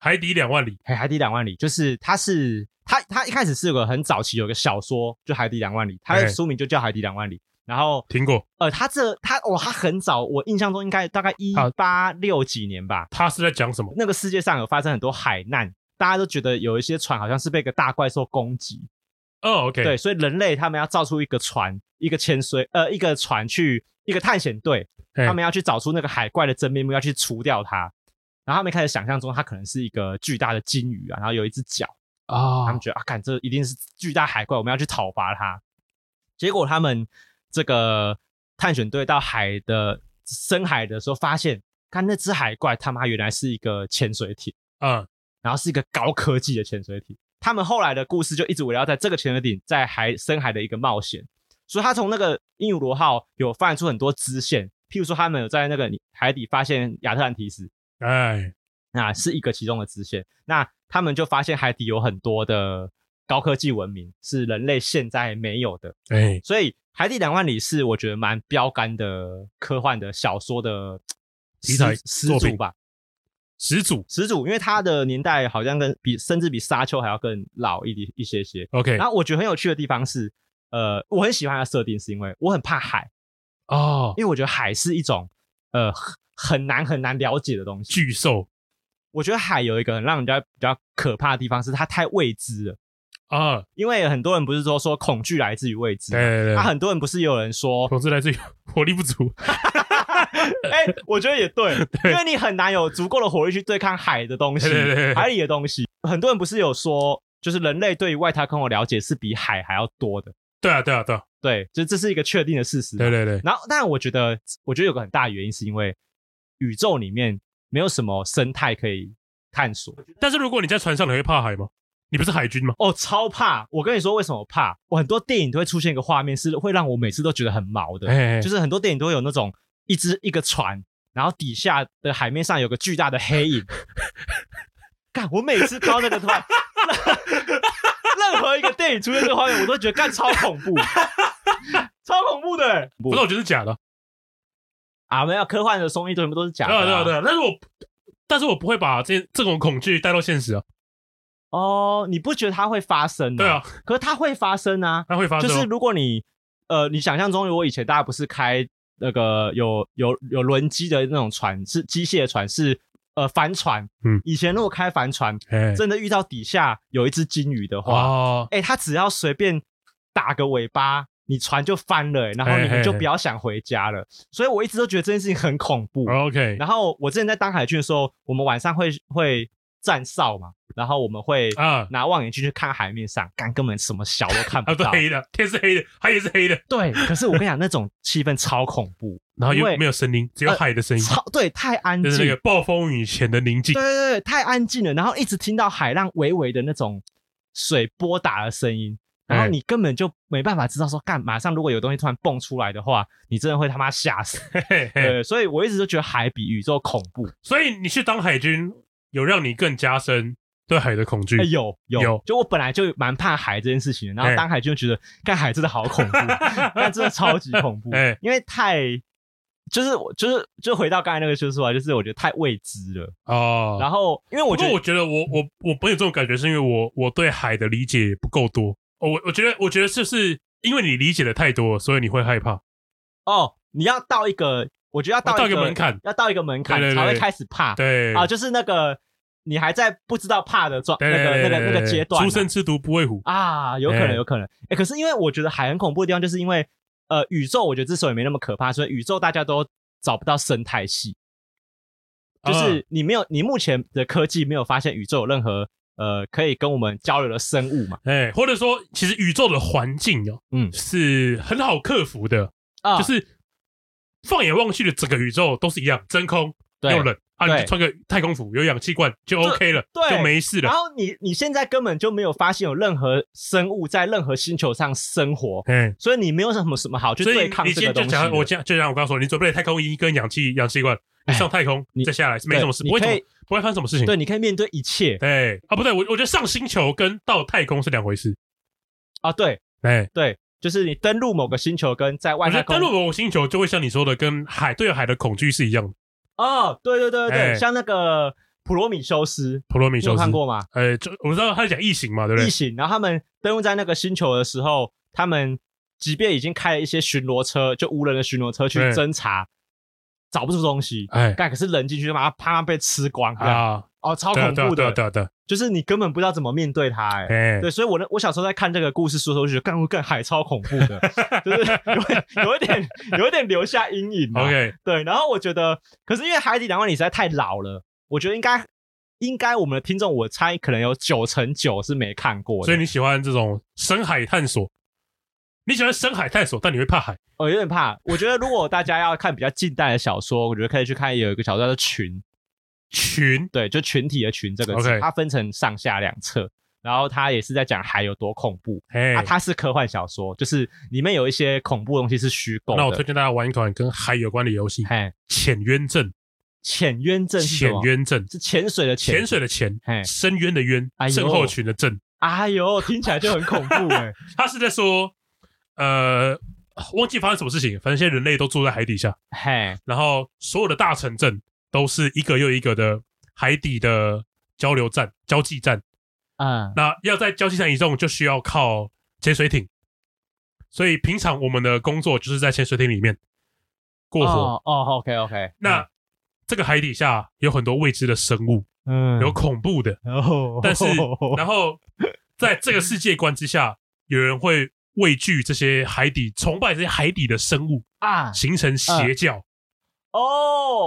海底兩萬里，海海底兩萬里就是，他是，它是它它一開始是有個很早期有個小說，就海底兩萬里，它的書名就叫海底兩萬里。然後聽過，呃，它這它哦，它很早，我印象中應該大概一八六幾年吧。它、啊、是在講什麼？那個世界上有發生很多海難，大家都覺得有一些船好像是被一個大怪獸攻擊。哦，OK，對，所以人類他們要造出一個船，一個潛水呃，一個船去一個探險隊，他們要去找出那個海怪的真面目，要去除掉它。然後他們開始想象中，它可能是一個巨大的鯨魚啊，然後有一隻腳啊。Oh. 他們覺得啊，看這一定是巨大海怪，我們要去討伐它。結果他們這個探險隊到海的深海的時候，發現看那隻海怪，他媽原來是一個潛水艇，嗯、uh.，然後是一個高科技的潛水艇。他們後來的故事就一直圍繞在這個潛水艇在海深海的一個冒險。所以，他從那個鸚鵡螺號有發展出很多支線，譬如說，他們有在那個海底發現亞特蘭提斯。哎，那是一個其中的支線。那他們就發現海底有很多的高科技文明，是人類現在沒有的。哎，所以《海底兩萬里》是我覺得蠻標杆的科幻的小說的
始始祖吧，
始祖始祖。因為它的年代好像跟比甚至比沙丘還要更老一點一些些。OK，然後我覺得很有趣的地方是，呃，我很喜歡它設定，是因為我很怕海哦，因為我覺得海是一種呃。很難很難了解的東西。巨獸，我覺得海有一個很讓人家比,比較可怕的地方是它太未知了啊！Uh, 因為很多人不是說說恐懼來自於未知，對,對對對。啊很多人不是也有人說恐懼來自於火力不足？哎、 <laughs> <laughs> 欸，我覺得也對,對，因為你很難有足夠的火力去對抗海的東西，對對對對，海裡的東西。很多人不是有說，就是人類對於外太空的了解是比海還要多的？對啊，對啊，對啊，對，就這是一個確定的事實。對對對。然後，但我覺得，我覺得有個很大的原因是因為。宇宙裡面沒有什麼生態可以探索。但是如果你在船上，你會怕海嗎？你不是海軍嗎？哦，oh，超怕！我跟你說，為什麼怕？我很多電影都會出現一個畫面，是會讓我每次都覺得很毛的。Hey, hey, hey. 就是很多電影都會有那種一隻一個船，然後底下的海面上有個巨大的黑影。幹 <laughs> <laughs> 我每次看到那個船， <laughs> <laughs> 任何一個電影出現這個畫面，我都覺得幹超恐怖，
<laughs> 超恐怖的耶。不是，我覺得是假的。啊，沒有科幻的綜藝，全部都是假的、啊。對啊對啊對啊，但是我但是我不會把這這種恐懼帶到現實啊。
哦、oh，你不覺得它會發生、啊？對啊，可是它會發生啊。它會發，生、啊。就是如果你呃，你想象中，我以前大家不是開那個有有有，有輪機的那種船，是機械的船，是呃帆船。嗯。以前如果開帆船，hey. 真的遇到底下有一隻鯨魚的話，哦，哎，它只要隨便打個尾巴。你船就翻了，欸，然後你們就不要想回家了嘿嘿嘿。所以我一直都覺得這件事情很恐怖。OK。然後我之前在當海軍的時候，我們晚上會會站哨嘛，然後我們會啊拿望遠鏡去看海面上，uh, 幹根本什麼小都看不到。啊，黑的，天是黑的，海也是黑的。對。可是我跟你講， <laughs> 那種氣氛超恐怖。然後又沒有聲音，呃，只有海的聲音。超對，太安靜。就是那個暴風雨前的寧靜。對，對對對，太安靜了。然後一直聽到海浪微微的那種水波打的聲音。然後你根本就沒辦法知道說幹，馬上如果有東西突然蹦出來的話，你真的會他媽嚇死。對，所以我一直都覺得海比宇宙恐怖。所以你去當海軍，有讓你更加深對海的恐懼？哎、有有，有。就我本來就蠻怕海這件事情的，然後當海軍就覺得、哎、幹，海真的好恐怖，
但 <laughs> 真的超級
恐怖。哎、因為太就是我就是就回到
剛才那個敘述啊，就是我覺得太未知了哦，然後因為我覺我覺得我我我沒有這種感覺，是因為我我對海的理解也不夠多。哦，我我覺得，我覺得就是因為你理解的太多，所以你會害怕。
哦，你要到一個，我覺得要到一個，到一個門檻，要到一個門檻才會開始怕。對啊、呃，就是那個你還在不知道怕的狀、那個，那個那個那個階段。初生
之犢不會虎啊，
有可能，有可能。哎、欸，可是因為我覺得還很恐怖的地方，就是因為呃，宇宙我覺得之所以沒那麼可怕，所以宇宙大家都找不到生態系，就是你沒有，你目前的科技沒有發現宇宙有任何。
呃，可以跟我們交流的生物嘛？哎，或者說，其實宇宙的環境哦，嗯，是很好克服的啊。就是放眼望去的整個宇宙都是一樣，真空又冷。對啊，你穿個太空服，有氧氣罐就 OK 了，就，對，就沒事了。然後
你你現在根本就沒有發現有任何生物在任何星球上生活，嗯，
所以你沒有什麼什麼好去對抗這個東西。就講我先就像我剛說，你準備太空衣跟氧氣氧氣罐，你上太空，你再下來沒什麼事，不會不會發生什麼事情。對，你可以面對一切。對啊，不對我我覺得上星球跟到太空是兩回事啊。對，哎，對，就是你登陸某個星球跟在外太空登陸某個星球，就會像你說的，跟海對海的恐懼是一樣的。
哦，對對對對、欸，像那個普羅米修斯，普羅米修斯你有看過嗎？誒、欸、就我們知道他在講異形嘛，對不對？異形，然後他們登陸在那個星球的時候，他們即便已經開了一些巡邏車，就無人的巡邏車去偵查、欸，找不出東西。哎、欸，但可是人進去就把他啪被吃光啊。哦，超恐怖的，對啊對、啊，對啊對啊對啊、就是你根本不知道怎麼面對它誒。哎，對，所以我那我小時候在看這個故事書的時候，我覺得更更還超恐怖的， <laughs> 就是有有一點有一點留下陰影嘛。OK，對，然後我覺得，可是因為《海底兩萬里》實在太老了，我覺得應該應該我們的聽眾，我猜可能有九成九是沒看過的。所
以你喜歡這種深海探索？你喜歡深海探索，但你會怕海？
哦，有點怕。我覺得如果大家要看比較近代的小說，我覺得可以去看有一個小說叫《群》。群對，就群體的群這個詞，okay. 它分成上下兩側，然後它也是在講海有多恐怖、hey. 啊。它是科幻小說，就是裡
面有一些恐怖的東西是虛構。那我推薦大家玩一款跟海有關的遊戲，嘿、hey.，潛淵症。潛淵症，潛淵症是潛水的潛，潛水的潛，的 hey. 深淵的淵，深、哎、候群的症。哎呦，聽起來就很恐怖哎、欸。 <laughs> 他是在說，呃，忘記發生什麼事情，反正現在人類都住在海底下，嘿、hey.，然後所有的大城鎮。都是一個又一個的海底的交流站、交際站，嗯，那要在交際站移動，就需要靠潛水艇。所以平常我們的工作就是在潛水艇裡面過活哦，OK，OK。Oh, oh, okay, okay. 那、嗯、這個海底下有很多未知的生物，嗯，有恐怖的。然後，但是，然後在這個世界觀之下， <laughs> 有人會畏懼這些海底，崇拜這些海底的生物啊，形成邪教。啊嗯
哦、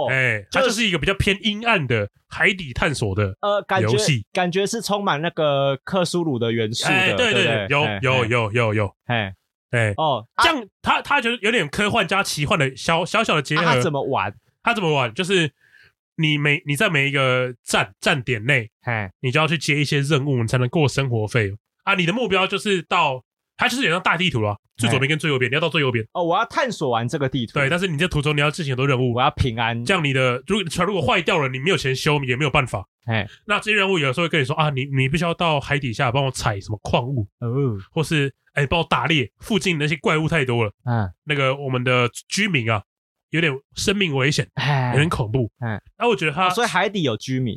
oh,
欸，哎、就是，它就是一個比較偏陰暗的海底探索的呃，遊戲，
感覺是充滿那個克蘇魯的元素的、欸、對，對，對，對對對，有有有
有有，哎哎哦，這樣他他覺得有點科幻加奇幻的小小小的結合。他、啊、怎麼玩？他怎麼玩？就是你每你在每一個站站點內，哎，你就要去接一些任務，你才能過生活費啊。你的目標就是到。它就是有一張大地圖了、啊，最左邊跟最右邊、欸，你要到最右邊哦。我要探索完這個地圖。對，但是你在途中你要進行很多任務。我要平安。這樣你的如果船如果壞掉了，你沒有錢修也沒有辦法。哎、欸，那這些任務有時候會跟你說啊，你你必須要到海底下幫我採什麼礦物，哦，或是哎幫、欸、我打獵，附近那些怪物太多了，嗯，那個我們的居民啊有點生命危險，哎、嗯，有點恐怖，嗯。那、嗯啊、我覺得它所以海底有居民，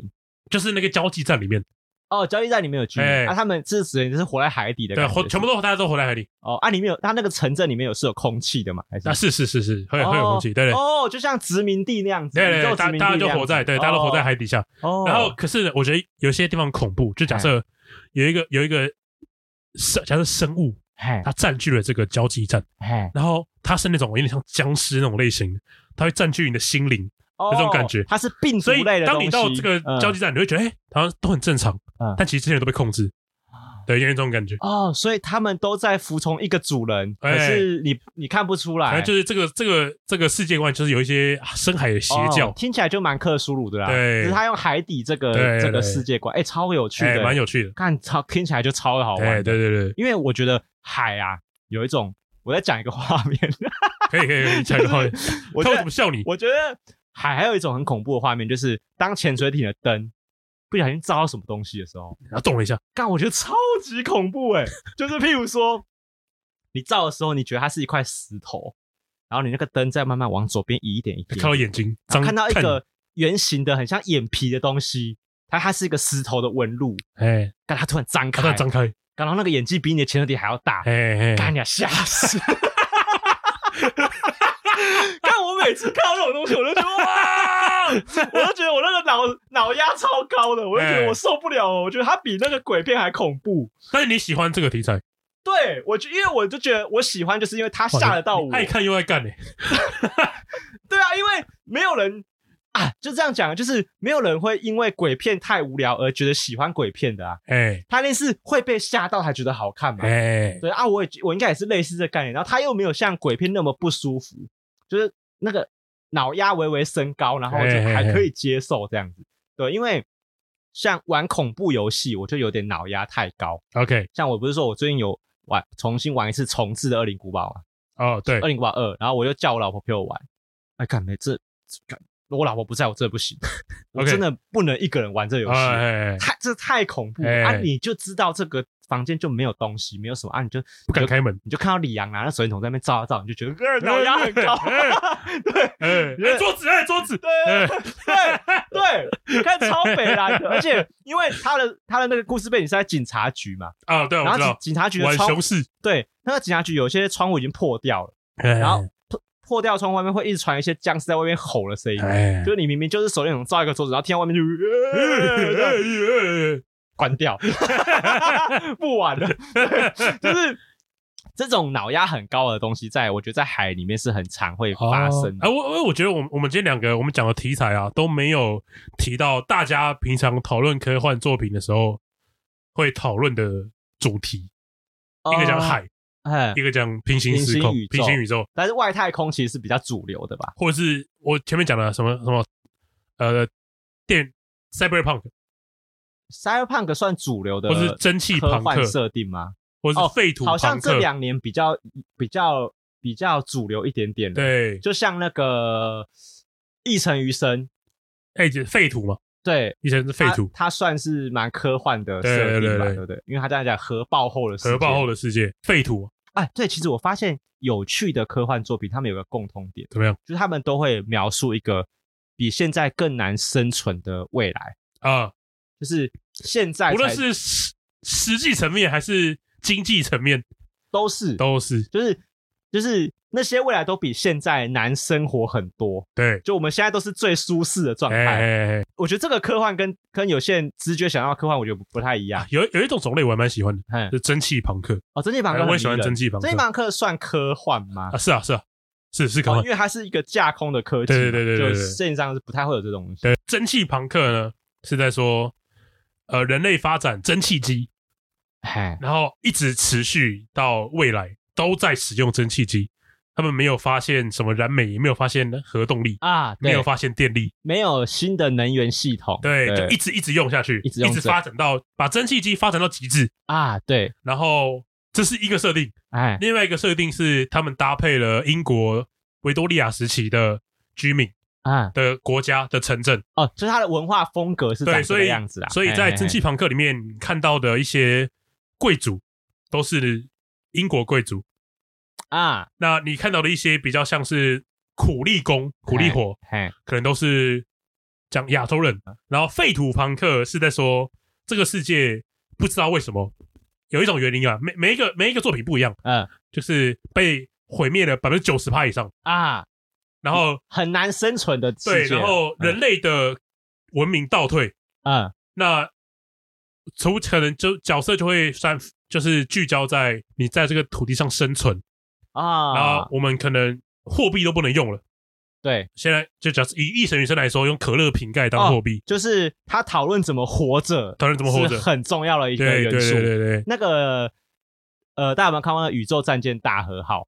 就是那個交際站裡面。哦，交易
站裡面有居民，那、欸啊、他們這是人，就是活在海底的，對，活全部都大家都活在海底。哦，啊，裡面有他那個城
鎮裡面有是有空氣的嘛？還是？啊，是是是是，哦、會會有空氣，對，對對。哦，
就像殖民地那樣子，對對，對，對，對，對，大大家就活在、哦，對，大家都活在海
底下。哦。然後，可是我覺得有些地方恐怖，就假設有一個有一個生，假設生物，它占據了這個交易站，然後它是那種有點像僵屍那種類型，它會占據你的心靈，那、哦、種感覺。它是病毒類的，所以當你到這個交易站，你會覺得哎，好、嗯、像、欸、都很正常。嗯、但其實這些人都被控制，對，有點這種感覺哦。所以他們都在服從一個主人，欸、可是你你看不出來。就是這個這個這個世界觀，就是有一些深海的邪教、哦，
聽起來就蠻克蘇魯的啦。對，可是他用海底這個對對對這個世界觀，誒、
欸，超有趣的，蠻、欸、有趣
的。看超聽起來就超好玩的。對，對對對，因為我覺得海啊，有一種我在講一個畫面，可以可以講一個畫面。 <laughs> 我為什麼笑你？我覺得海還有一種很恐怖的畫面，就是當潛水艇的燈。不小心照到什麼東西的時候，然後動了一下，幹我覺得超級恐怖哎！就是譬如說，你照的時候，你覺得它是一塊石頭，然後你那個燈再慢慢往左邊移一點一點,一點，點，看到眼睛，看到一個圓形的很像眼皮的東西，它它是一個石頭的紋路，哎，幹它突然張開，突然張開，然後那個眼睛比你的前額點還要大，哎哎，幹你啊、嚇死！幹 <laughs> <laughs> <laughs> <laughs> <laughs> <laughs> <laughs> 我每次看到這種東西，我都覺得哇。 <laughs> <laughs> 我就覺得我那個腦腦壓超高的，我就覺得我受不了、喔欸。我覺得它比那個
鬼片還恐怖。但是你喜歡這個題材？
對，我就因為我就覺得我喜歡，就是因
為他嚇得到我，愛看又愛幹嘞、
欸。 <laughs> <laughs> 對啊，因為沒有人啊，就這樣講，就是沒有人會因為鬼片太無聊而覺得喜歡鬼片的啊。哎、欸，他那是會被嚇到還覺得好看嘛。哎、欸，對啊，我也我應該也是類似這概念。然後他又沒有像鬼片那麼不舒服，就是那個。腦壓微微升高，然後就還可以接受這樣子。嘿嘿嘿對，因為像玩恐怖遊戲，我就有點腦壓太高。OK，像我不是說我最近有玩重新玩一次重置的《惡靈古堡》啊。哦，對，《惡靈古堡二》，然後我就叫我老婆陪我玩。哎，看，這如果我老婆不在我這不行， <laughs> okay. 我真的不能一個人玩這遊戲，oh, 太這太恐怖了，oh, hey, hey. 啊！你就知道這個。房間就沒有東西，沒有什麼啊，你就不敢開門，你就，你就看到李陽拿着手電筒在那邊照啊照，你就覺得個人膽量很高。欸欸、 <laughs> 對，人、欸欸、桌子人、欸、桌子，對對、欸、對， <laughs> 對對 <laughs> 你看超北爛的， <laughs> 而且因為他的他的那個故事背景是在警察局嘛，啊對，然後警警察局的窗對那個警察局有一些窗戶已經破掉了，欸、然後破、破掉窗外面會一直傳一些僵屍在外面吼的聲音、欸，就你明明就是手電筒照一個桌子，然後聽到外面就。欸欸關掉 <laughs>
<laughs> 不玩
了。 <laughs> 就是這種腦壓很高的東西在，在我覺得在海裡面是很常會發生
的。哎、哦呃，我我我覺得我們，我我們今天兩個我們講的題材啊，都沒有提到大家平常討論科幻作品的時候會討論的主題。一個講海，一個講、嗯、平行時空平行、平行宇
宙。但是外太空其實是比較主流的吧？
或者是我前面講的什麼什麼
呃，電 cyberpunk。賽爾朋克算主流的，或是蒸汽科幻設定嗎？或是哦，廢土、哦？好像這兩年比較比較比較主流一點點。對，就像那個《一城餘生》
欸，哎，是廢土了
對，《一城》是廢土，它算是蠻科幻的設定吧？對對,對,對,對,對不對？因為他在講核爆後的核爆後的
世界，廢土。
哎，對，其實我發現有趣的科幻作品，他們有個共同點，怎麼樣？就是他們都會描述一個比現在更難生存的未來。啊就是現在，無論是實
實際層面還是經濟層面都，都是都、就是，就是
就是那些未來都比現在難生活很多。對，就我們現在都是最舒適的狀態。我覺得這個科幻跟跟有些人直覺想要的科幻，我覺得不，不太一樣有。
有有一種種類我還蠻喜歡的，就是蒸汽朋克。哦，蒸汽朋克我也喜歡蒸汽朋克。蒸汽
朋克算科幻嗎？啊，是啊，
是啊，是啊是，是科幻。哦，因為
它是一個架空的科技。對對對，對，就現實上是不
太會有這種東西。對，蒸汽朋克呢是在說。呃，人類發展蒸汽機，哎，然後一直持續到未來都在使用蒸汽機，他們沒有發現什麼燃煤，也沒有發現核動力啊，沒有發現電力，沒有新的能源系統，對，對，就一直一直用下去，一直一直發展到把蒸汽機發展到極致啊，對，然後這是一個設定，哎，另外一個設定是他們搭配了英國維多利亞時期的居民。啊、的國家的城鎮哦，就是他的文化風格是在這個樣子啊。所以在蒸汽朋克裡面看到的一些貴族都是英國貴族啊。那你看到的一些比較像是苦力工、苦力活，可能都是講亞洲人。然後廢土朋克是在說這個世界不知道為什麼有一種原因啊，每每一個每一個作品不一樣，嗯，就是被毀滅了百分之九十趴以上啊。然後很難生存的世界對，然後人類的文明倒退，嗯，那從可能就角色就會算，就是聚焦在你在這個土地上生存啊、哦。然後我們可能貨幣都不能用了。對，現在就假設以異塵餘生來說，用可樂瓶蓋當貨幣、哦，
就是他討論怎麼活着，討論怎麼活着，是很
重要的一個元素。對對，對對對對，
那個呃，大家有沒有看過的《宇宙戰艦大和號》？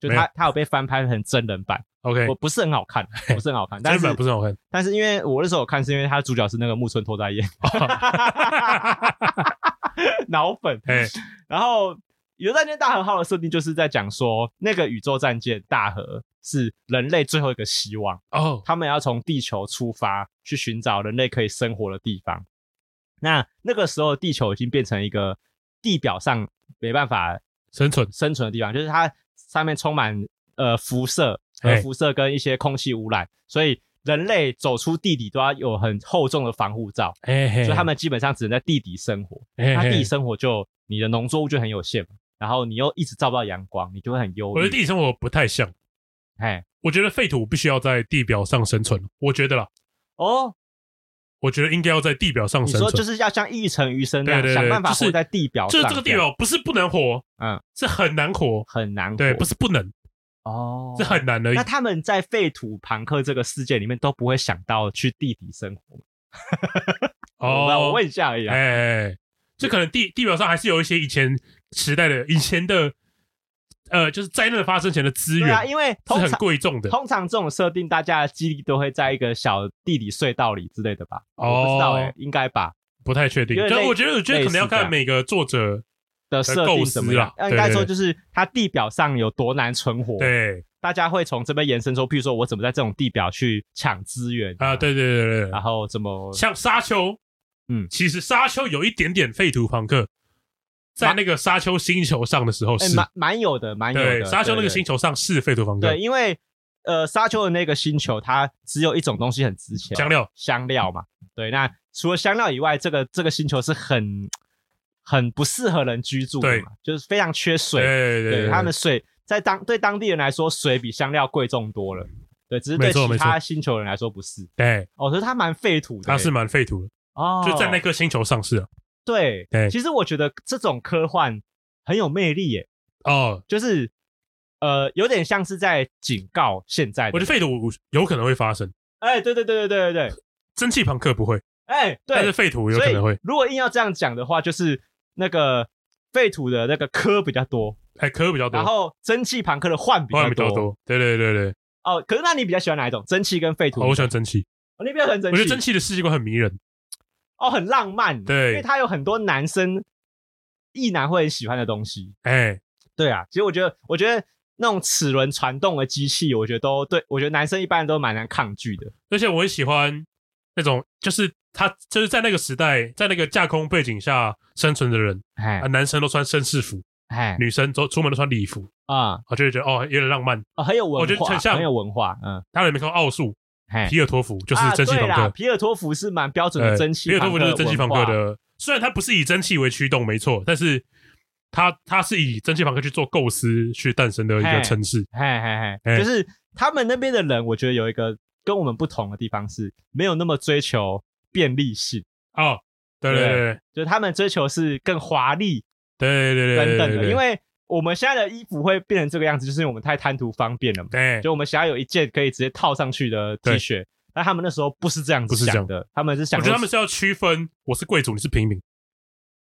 就他有他有被翻拍成真人版。OK，我不是很好看，不是很好看。 <laughs> 但是不是很好看，但是因為我那時候看是因為他的主角是那個木村拓哉演，哈哈哈，腦粉。Hey. 然後《宇宙戰艦大和號》的設定就是在講說，那個宇宙戰艦大和是人類最後一個希望哦，oh. 他們要從地球出發去尋找人類可以生活的地方。那那個時候地球已經變成一個地表上沒辦法生存生存的地方，就是它。上面充滿呃輻射和輻射跟一些空氣污染，hey. 所以人類走出地底都要有很厚重的防護罩。Hey, hey. 所以他們基本上只能在地底生活。那、hey, hey. 地底生活就你的農作物就很有限，然後你又一直照不到陽光，你就會很憂鬱。我覺得地底
生活不太像。哎、hey.，我覺得廢土必須要在地表上生存。我覺得啦。哦、oh.。我覺得應該要在地表上生存，你說就是要像《異塵餘生》那樣。對對對，想辦法，活在地表上，就是，就是這個地表不是不能活，嗯，是很難活，很難活，對，不是不能哦，是很難而已。那
他們在廢土朋克這個世界裡面都不會想到去地底生活
嗎？ <laughs> 哦，我，我問一下而已，啊。哎，這可能地地表上還是有一些以前時代的以前的。哦呃，就是災難發生前的資源是很貴重的、啊，因為通常貴重的，通
常這種設定，大家的基地都會在一個小地理隧道裡之類的吧？哦，不知道、欸，應該吧，不太確定。就我覺得，我覺得可能要看每個作者的設定什麼了。應該說，就是它地表上有多難存活，對，對，對，對，大家會從這邊延伸出，比如說我怎麼在這種地表去搶資源啊，啊？
對對對對，然後怎麼像沙丘？嗯，其實沙丘有一點點廢土朋克。在那個沙丘星球上的時候是、欸，蠻
蠻有的，蠻有的。對，沙丘那個星球上是廢土風格。對，因為呃，沙丘的那個星球，它只有一種東西很值錢，香料，香料嘛。對，那除了香料以外，這個這個星球是很很不適合人居住的嘛，對，就是非常缺水。對，對，對，對，對他們水在當對當地人來說，水比香料貴重多了。對，只是對其他星球人來說不是。對，哦，所以它蠻廢土
的、欸。它是蠻廢土的哦，就在那顆星球上是啊對,對，其
實我覺得這種科幻很有魅力耶。哦，就是呃，有點像是在警告現在的。我覺得廢土有可能會發生。哎、欸，對對對對對對對，
蒸汽朋克不會。
哎、欸，對。但是廢土有可能會。如果硬要這樣講的話，就是那個廢土的那個科比較多，哎、欸，科比較多。然後蒸汽朋克的幻比,比較多。對對對對。哦，可是那你比較喜歡哪一種？蒸汽跟廢土、哦？我喜歡蒸汽。你比較喜
歡蒸汽。我覺得蒸汽的世界觀很迷人。
哦，很浪漫，對，因為他有很多男生，異男會很喜歡的東西，哎、欸，對啊，其實我覺得，我覺得那種齒輪傳動的機器，我覺得都對我覺得男生一般都蠻難抗拒的，而且我很喜
歡那種，就是他就是在那個時代，在那個架空背景下生存的人，哎、啊，男生都穿紳士服，哎，女生都出門都穿禮服、嗯、啊，我就是覺得哦，有點浪漫啊、哦，很有文化，哦、我覺得很像很有文化，嗯，他們沒說奧術。皮爾托夫就是蒸汽朋克，啊。
皮爾托夫是蠻標準的蒸汽，欸。皮爾托夫就是蒸汽朋克的，
雖然它不是以蒸汽為驅動，沒錯，但是它它是以蒸汽朋克去做構思去誕生的一個城市。嘿嘿嘿，嘿，嘿。就是他們那邊的人，
我覺得有一個跟我們不同的地方是，沒有那麼追求便利性哦。對對對，對，對，就他們追求是更華麗，對對對，對，對等等的，對對對對因為。我們現在的衣服會變成這個樣子，就是因為我們太貪圖方便了嘛。對、欸，就我們想要有一件可以直接套上去的 T 恤。但他們那時候
不是這樣子想的，不是這樣，他們是想說……我覺得他們是要區分，我是貴族，你是平民。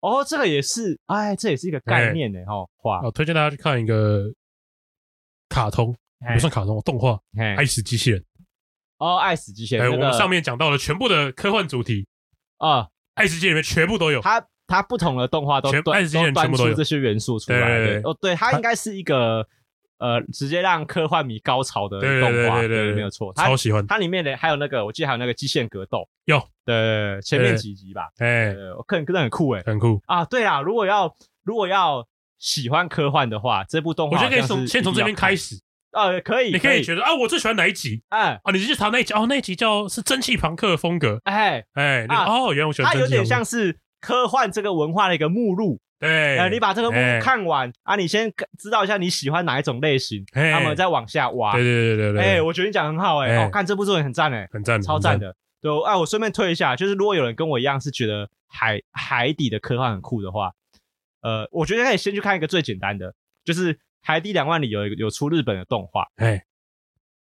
哦，這個也是，哎，這也是一個概念呢，吼、欸。哇、哦。我推薦大家去看一個卡通，欸、不算卡通，動畫、欸《愛死機器人》。哦，《愛死機器人》欸那個。我們上面講到了全部的科幻主題啊，呃《愛死機》裡面全部都有。它。它不同的動畫都都端，都，都端出這
些元素出來，對對對對。哦、喔，對，它應該是一個呃，直接讓科幻迷高潮的動畫，對，對，對，對，對，沒有錯。超喜歡它裡面的還有那個，我記得還有那個機械格鬥。有，對前面幾集
吧。哎、欸，我感覺真的很酷、欸，哎，很酷啊。對
啊，如果要如果要喜歡科幻的話，這部動畫我覺得可以從先從這邊開
始。呃、啊，可以，你可以覺得啊，我最喜歡哪一集？哎、嗯，啊，你就去查那一集？哦、啊，那一集叫是蒸汽朋克的風格。哎、欸、哎、欸啊那個，哦，原來我喜歡它、啊啊、有點像
是。科幻這個文化的一個目錄，對，那、呃、你把這個目錄看完、欸、啊，你先知道一下你喜歡哪一種類型，他、欸、們再往下挖。對對對對對，對，對、欸。我覺得你講得很好哎、欸欸哦，看這部作品很讚哎、欸，很讚超讚的。讚對，啊、呃，我順便推一下，就是如果有人跟我一樣是覺得海海底的科幻很酷的話，呃，我覺得可以先去看一個最簡單的，就是《海底兩萬里》，有有出日本的動畫。哎、欸，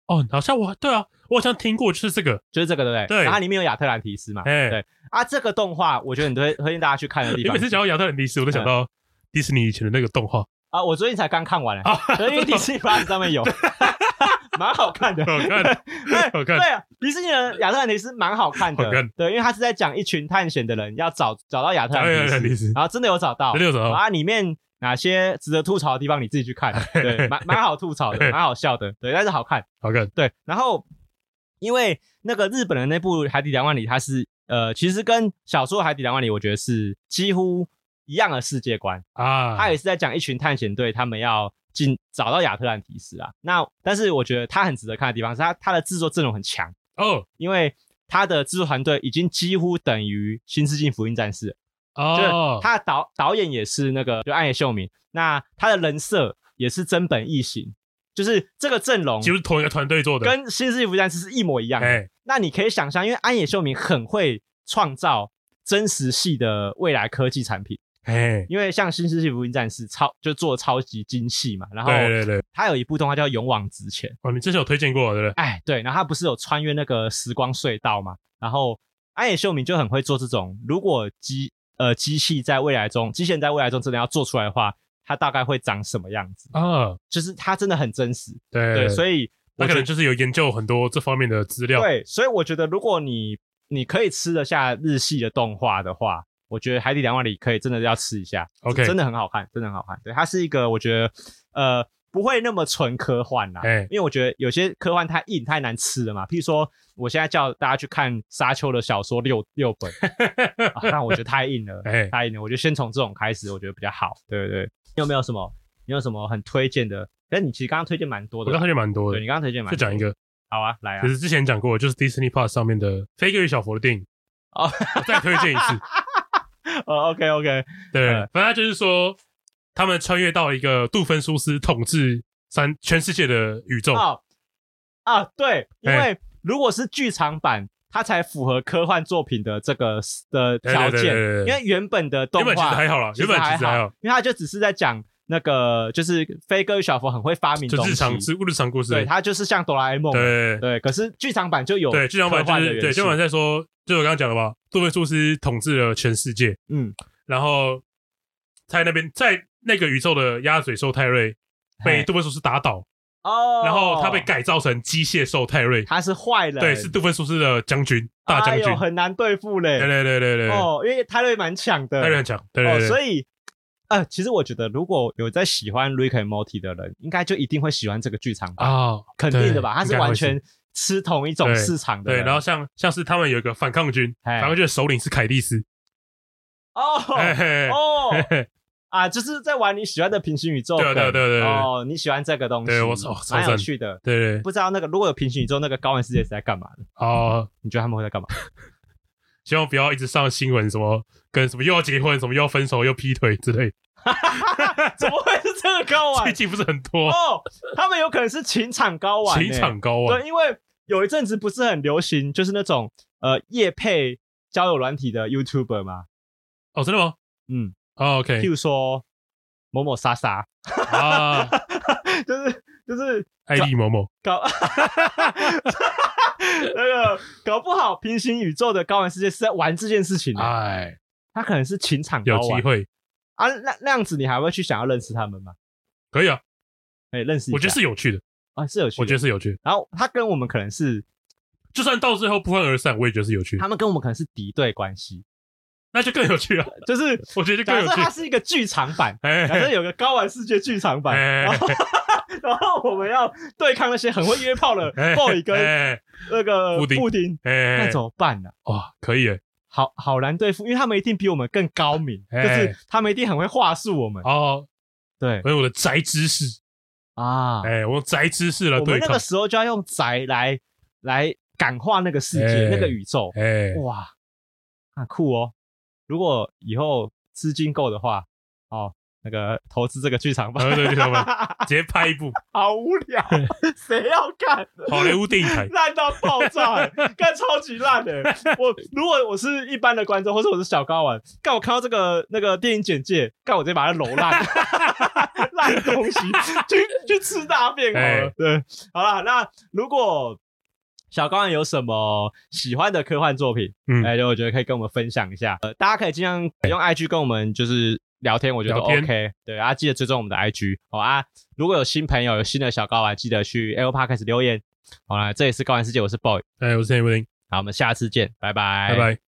哦，好像我對啊。我好像聽過，就是這個，就是這個，
對不對？對。裡面有亞特蘭提斯
嘛？哎，對。啊，這個動畫我覺得很推薦大家去看的地方。你每次講到亞特
蘭提斯，我都想到迪士尼以前的那個動畫、嗯。
啊，我最近才剛看完、欸啊對，因為迪斯尼士尼 p l 上面有，蠻好看的。好看，對對好看。對迪士尼的亞特蘭提斯蠻好看的，好看。對，因為它是在講一群探險的人要找找到亞特蘭提斯，然後真的有找到。啊、然後真的有找到。啊，裡面哪些值得吐槽的地方，你自己去看。嘿嘿嘿對，蠻蠻好吐槽的，蠻好笑的。對，但是好看。好看。對，然後。因為那個日本的那部《海底兩萬里》他，它是呃，其實跟小說《海底兩萬里》我覺得是幾乎一樣的世界觀啊。Uh. 他也是在講一群探險隊，他們要進找到亞特蘭提斯啊。那但是我覺得他很值得看的地方是他，他的制作陣容很強哦，oh. 因為他的制作團隊已經幾乎等於《新世紀福音戰士》哦、oh.，就是他的導導演也是那個就庵野秀明，那他的人設也是貞本義行。就是這個陣容，就是同一個團隊做的，跟《新世紀福音戰士》是一模一樣的。哎、欸，那你可以想象，因為庵野秀明很會創造真實系的未來科技產品。哎、欸，因為像《新世紀福音戰士》超就做超級精細嘛，然後對對對，他有一部動畫叫《勇往直前》。哦，你之前有推薦過，對不對？哎，對，然後他不是有穿越那個時光隧道嘛？然後庵野秀明就很會做這種，如果機呃機器在未來中，機器人在未來中真的要做出來的話。它大概會長什麼樣子
啊、uh,？就是它真的很真實，對，對所以我可能就是有研究很多這方面的資料。對，所以我覺得如
果你你可以吃得下日系的動畫的話，我覺得《海底兩萬里》可以真的要吃一下，OK，真的很好看，真的很好看。對，它是一個我覺得呃。不會那麼純科幻啦、啊，hey. 因為我覺得有些科幻太硬、太難吃了嘛。譬如說，我現在叫大家去看沙丘的小說六六本，那、 <laughs> 啊、我覺得太硬了，hey. 太硬了。我就先從這種開始，我覺得比較好。對，對對，你有沒有什麼？你有什麼很推薦的？但是你其實剛剛推薦蠻多，多的，我剛推薦蠻多的。你剛剛推薦蠻多。就講一個，好啊，來啊。就是之
前講過，就是 Disney Park 上面的《飛哥與小佛》的電影。哦、oh. 再推薦一次。哦、 <laughs> oh, OK OK 對。對，反正就是說。他們穿越到一個杜芬蘇斯統治全全世界的宇宙，哦。
啊，對，因為如果是劇場版，它才符合科幻作品的這個的條件，欸對對對對。因為原本的動畫原本其實還好啦還好，原本其實還好，因為他就只是在講那個就是飛哥與小佛很會發明的日常植物，日常故事。對，他就是像哆啦 A 夢。對對，對。可是劇場版就有對，劇場版就是對，劇場版在
說，就我剛剛講的吧，杜芬蘇斯統治了全世界。嗯，然後在那邊在。那個宇宙的鴨嘴獸泰瑞被杜芬叔叔打倒，
哦，oh, 然後他被
改造成機械獸泰瑞，他
是壞的，對，是杜
芬叔叔的將軍大將軍，哎，很
難對付嘞，對對對對對，哦，因為泰瑞蠻強的，泰瑞蠻強，對，對，對，哦，所以，呃，其實我覺得如果有在喜歡瑞克 r 莫 y 的人，應該就一定會喜
歡這個劇場哦，oh,，肯定的吧，他是完全
是吃同一種市場的對，對，然
後像像是他們有一個反抗軍，反抗軍的首領是凱蒂斯，
哦，oh,，哦。 <laughs> 啊，就是在玩你喜歡的平行宇宙，對，啊、對對對對哦，你喜歡這個東西，對我超感興趣的。對，對，不知道那個如果有平行宇宙，那個高玩世界是在幹嘛的啊、呃嗯，你覺得他
們會在幹嘛？希望不要一直上新聞，什麼跟什麼又要結婚，什麼又要分手，又劈腿之類。 <laughs> 怎麼會是這個高玩？ <laughs> 最近不是很多哦？
他們有可能是情場高玩、欸，情場高玩。對，因為有一陣子不是很流行，就是那種呃業配交友軟體的 YouTuber 嘛。
哦，真的嗎？嗯。Oh, OK，譬如說某某沙沙，啊、 <laughs>
就是，就是就
是愛麗某某
搞，搞 <laughs> <laughs> 那個搞不好平行宇宙的高玩世界是在玩這件事情的、欸，哎，他可能是情場高玩，有機會啊。那那樣子你還會去想要認識他們嗎？可以啊，可、欸、以認識。我覺得是有趣的啊，是有趣，我覺得是有趣。然後他跟我們可能是，就算到最後不歡而散，我也覺得是有趣。他們跟我們可能是敵對關係。
那就更有趣了，啊， <laughs> 就是，是我覺得就更有趣，它是
一個劇場版，反正有個高玩世界劇場版，嘿嘿然後嘿嘿 <laughs> 然後我們要對抗那些很會約炮的鮑宇跟那個布丁，嘿嘿嘿嘿嘿嘿那怎麼辦呢，啊？哇，哦，可以，好好難對付，因為他們一定比我們更高明，嘿嘿就是他們一定很會話術我們哦，對，所以我的宅知識啊，誒我宅知識了對，我們那個時候就要用宅來來感化那個世界，嘿嘿那個宇宙，嘿嘿哇，那很酷哦。如果以後資金夠的話，哦，那個投資這個劇場版、 <laughs> 哦，對對對，直接拍一部，好無聊， <laughs> 誰要看的？好萊塢電影爛到爆炸， <laughs> 幹超級爛的。我如果我是一般的觀眾，或者我是小高玩，幹我看到這個那個電影簡介，幹我直接把它揉爛， <laughs> <laughs> 爛東西，就 <laughs> 就吃大便好了。對，好了，那如果。小高玩有什麼喜歡的科幻作品？嗯、欸，哎，就我覺得可以跟我們分享一下。呃，大家可以經常用 IG 跟我們就是聊天，我覺得 OK。對啊，記得追蹤我們的 IG。好、哦、啊，如果有新朋友、有新的小高玩，記得去 Air Park 開始留言。好、哦、啦，這裡是高玩世界，我是 Boy，哎，我是 e everything 好，我們下次見，拜拜，拜拜。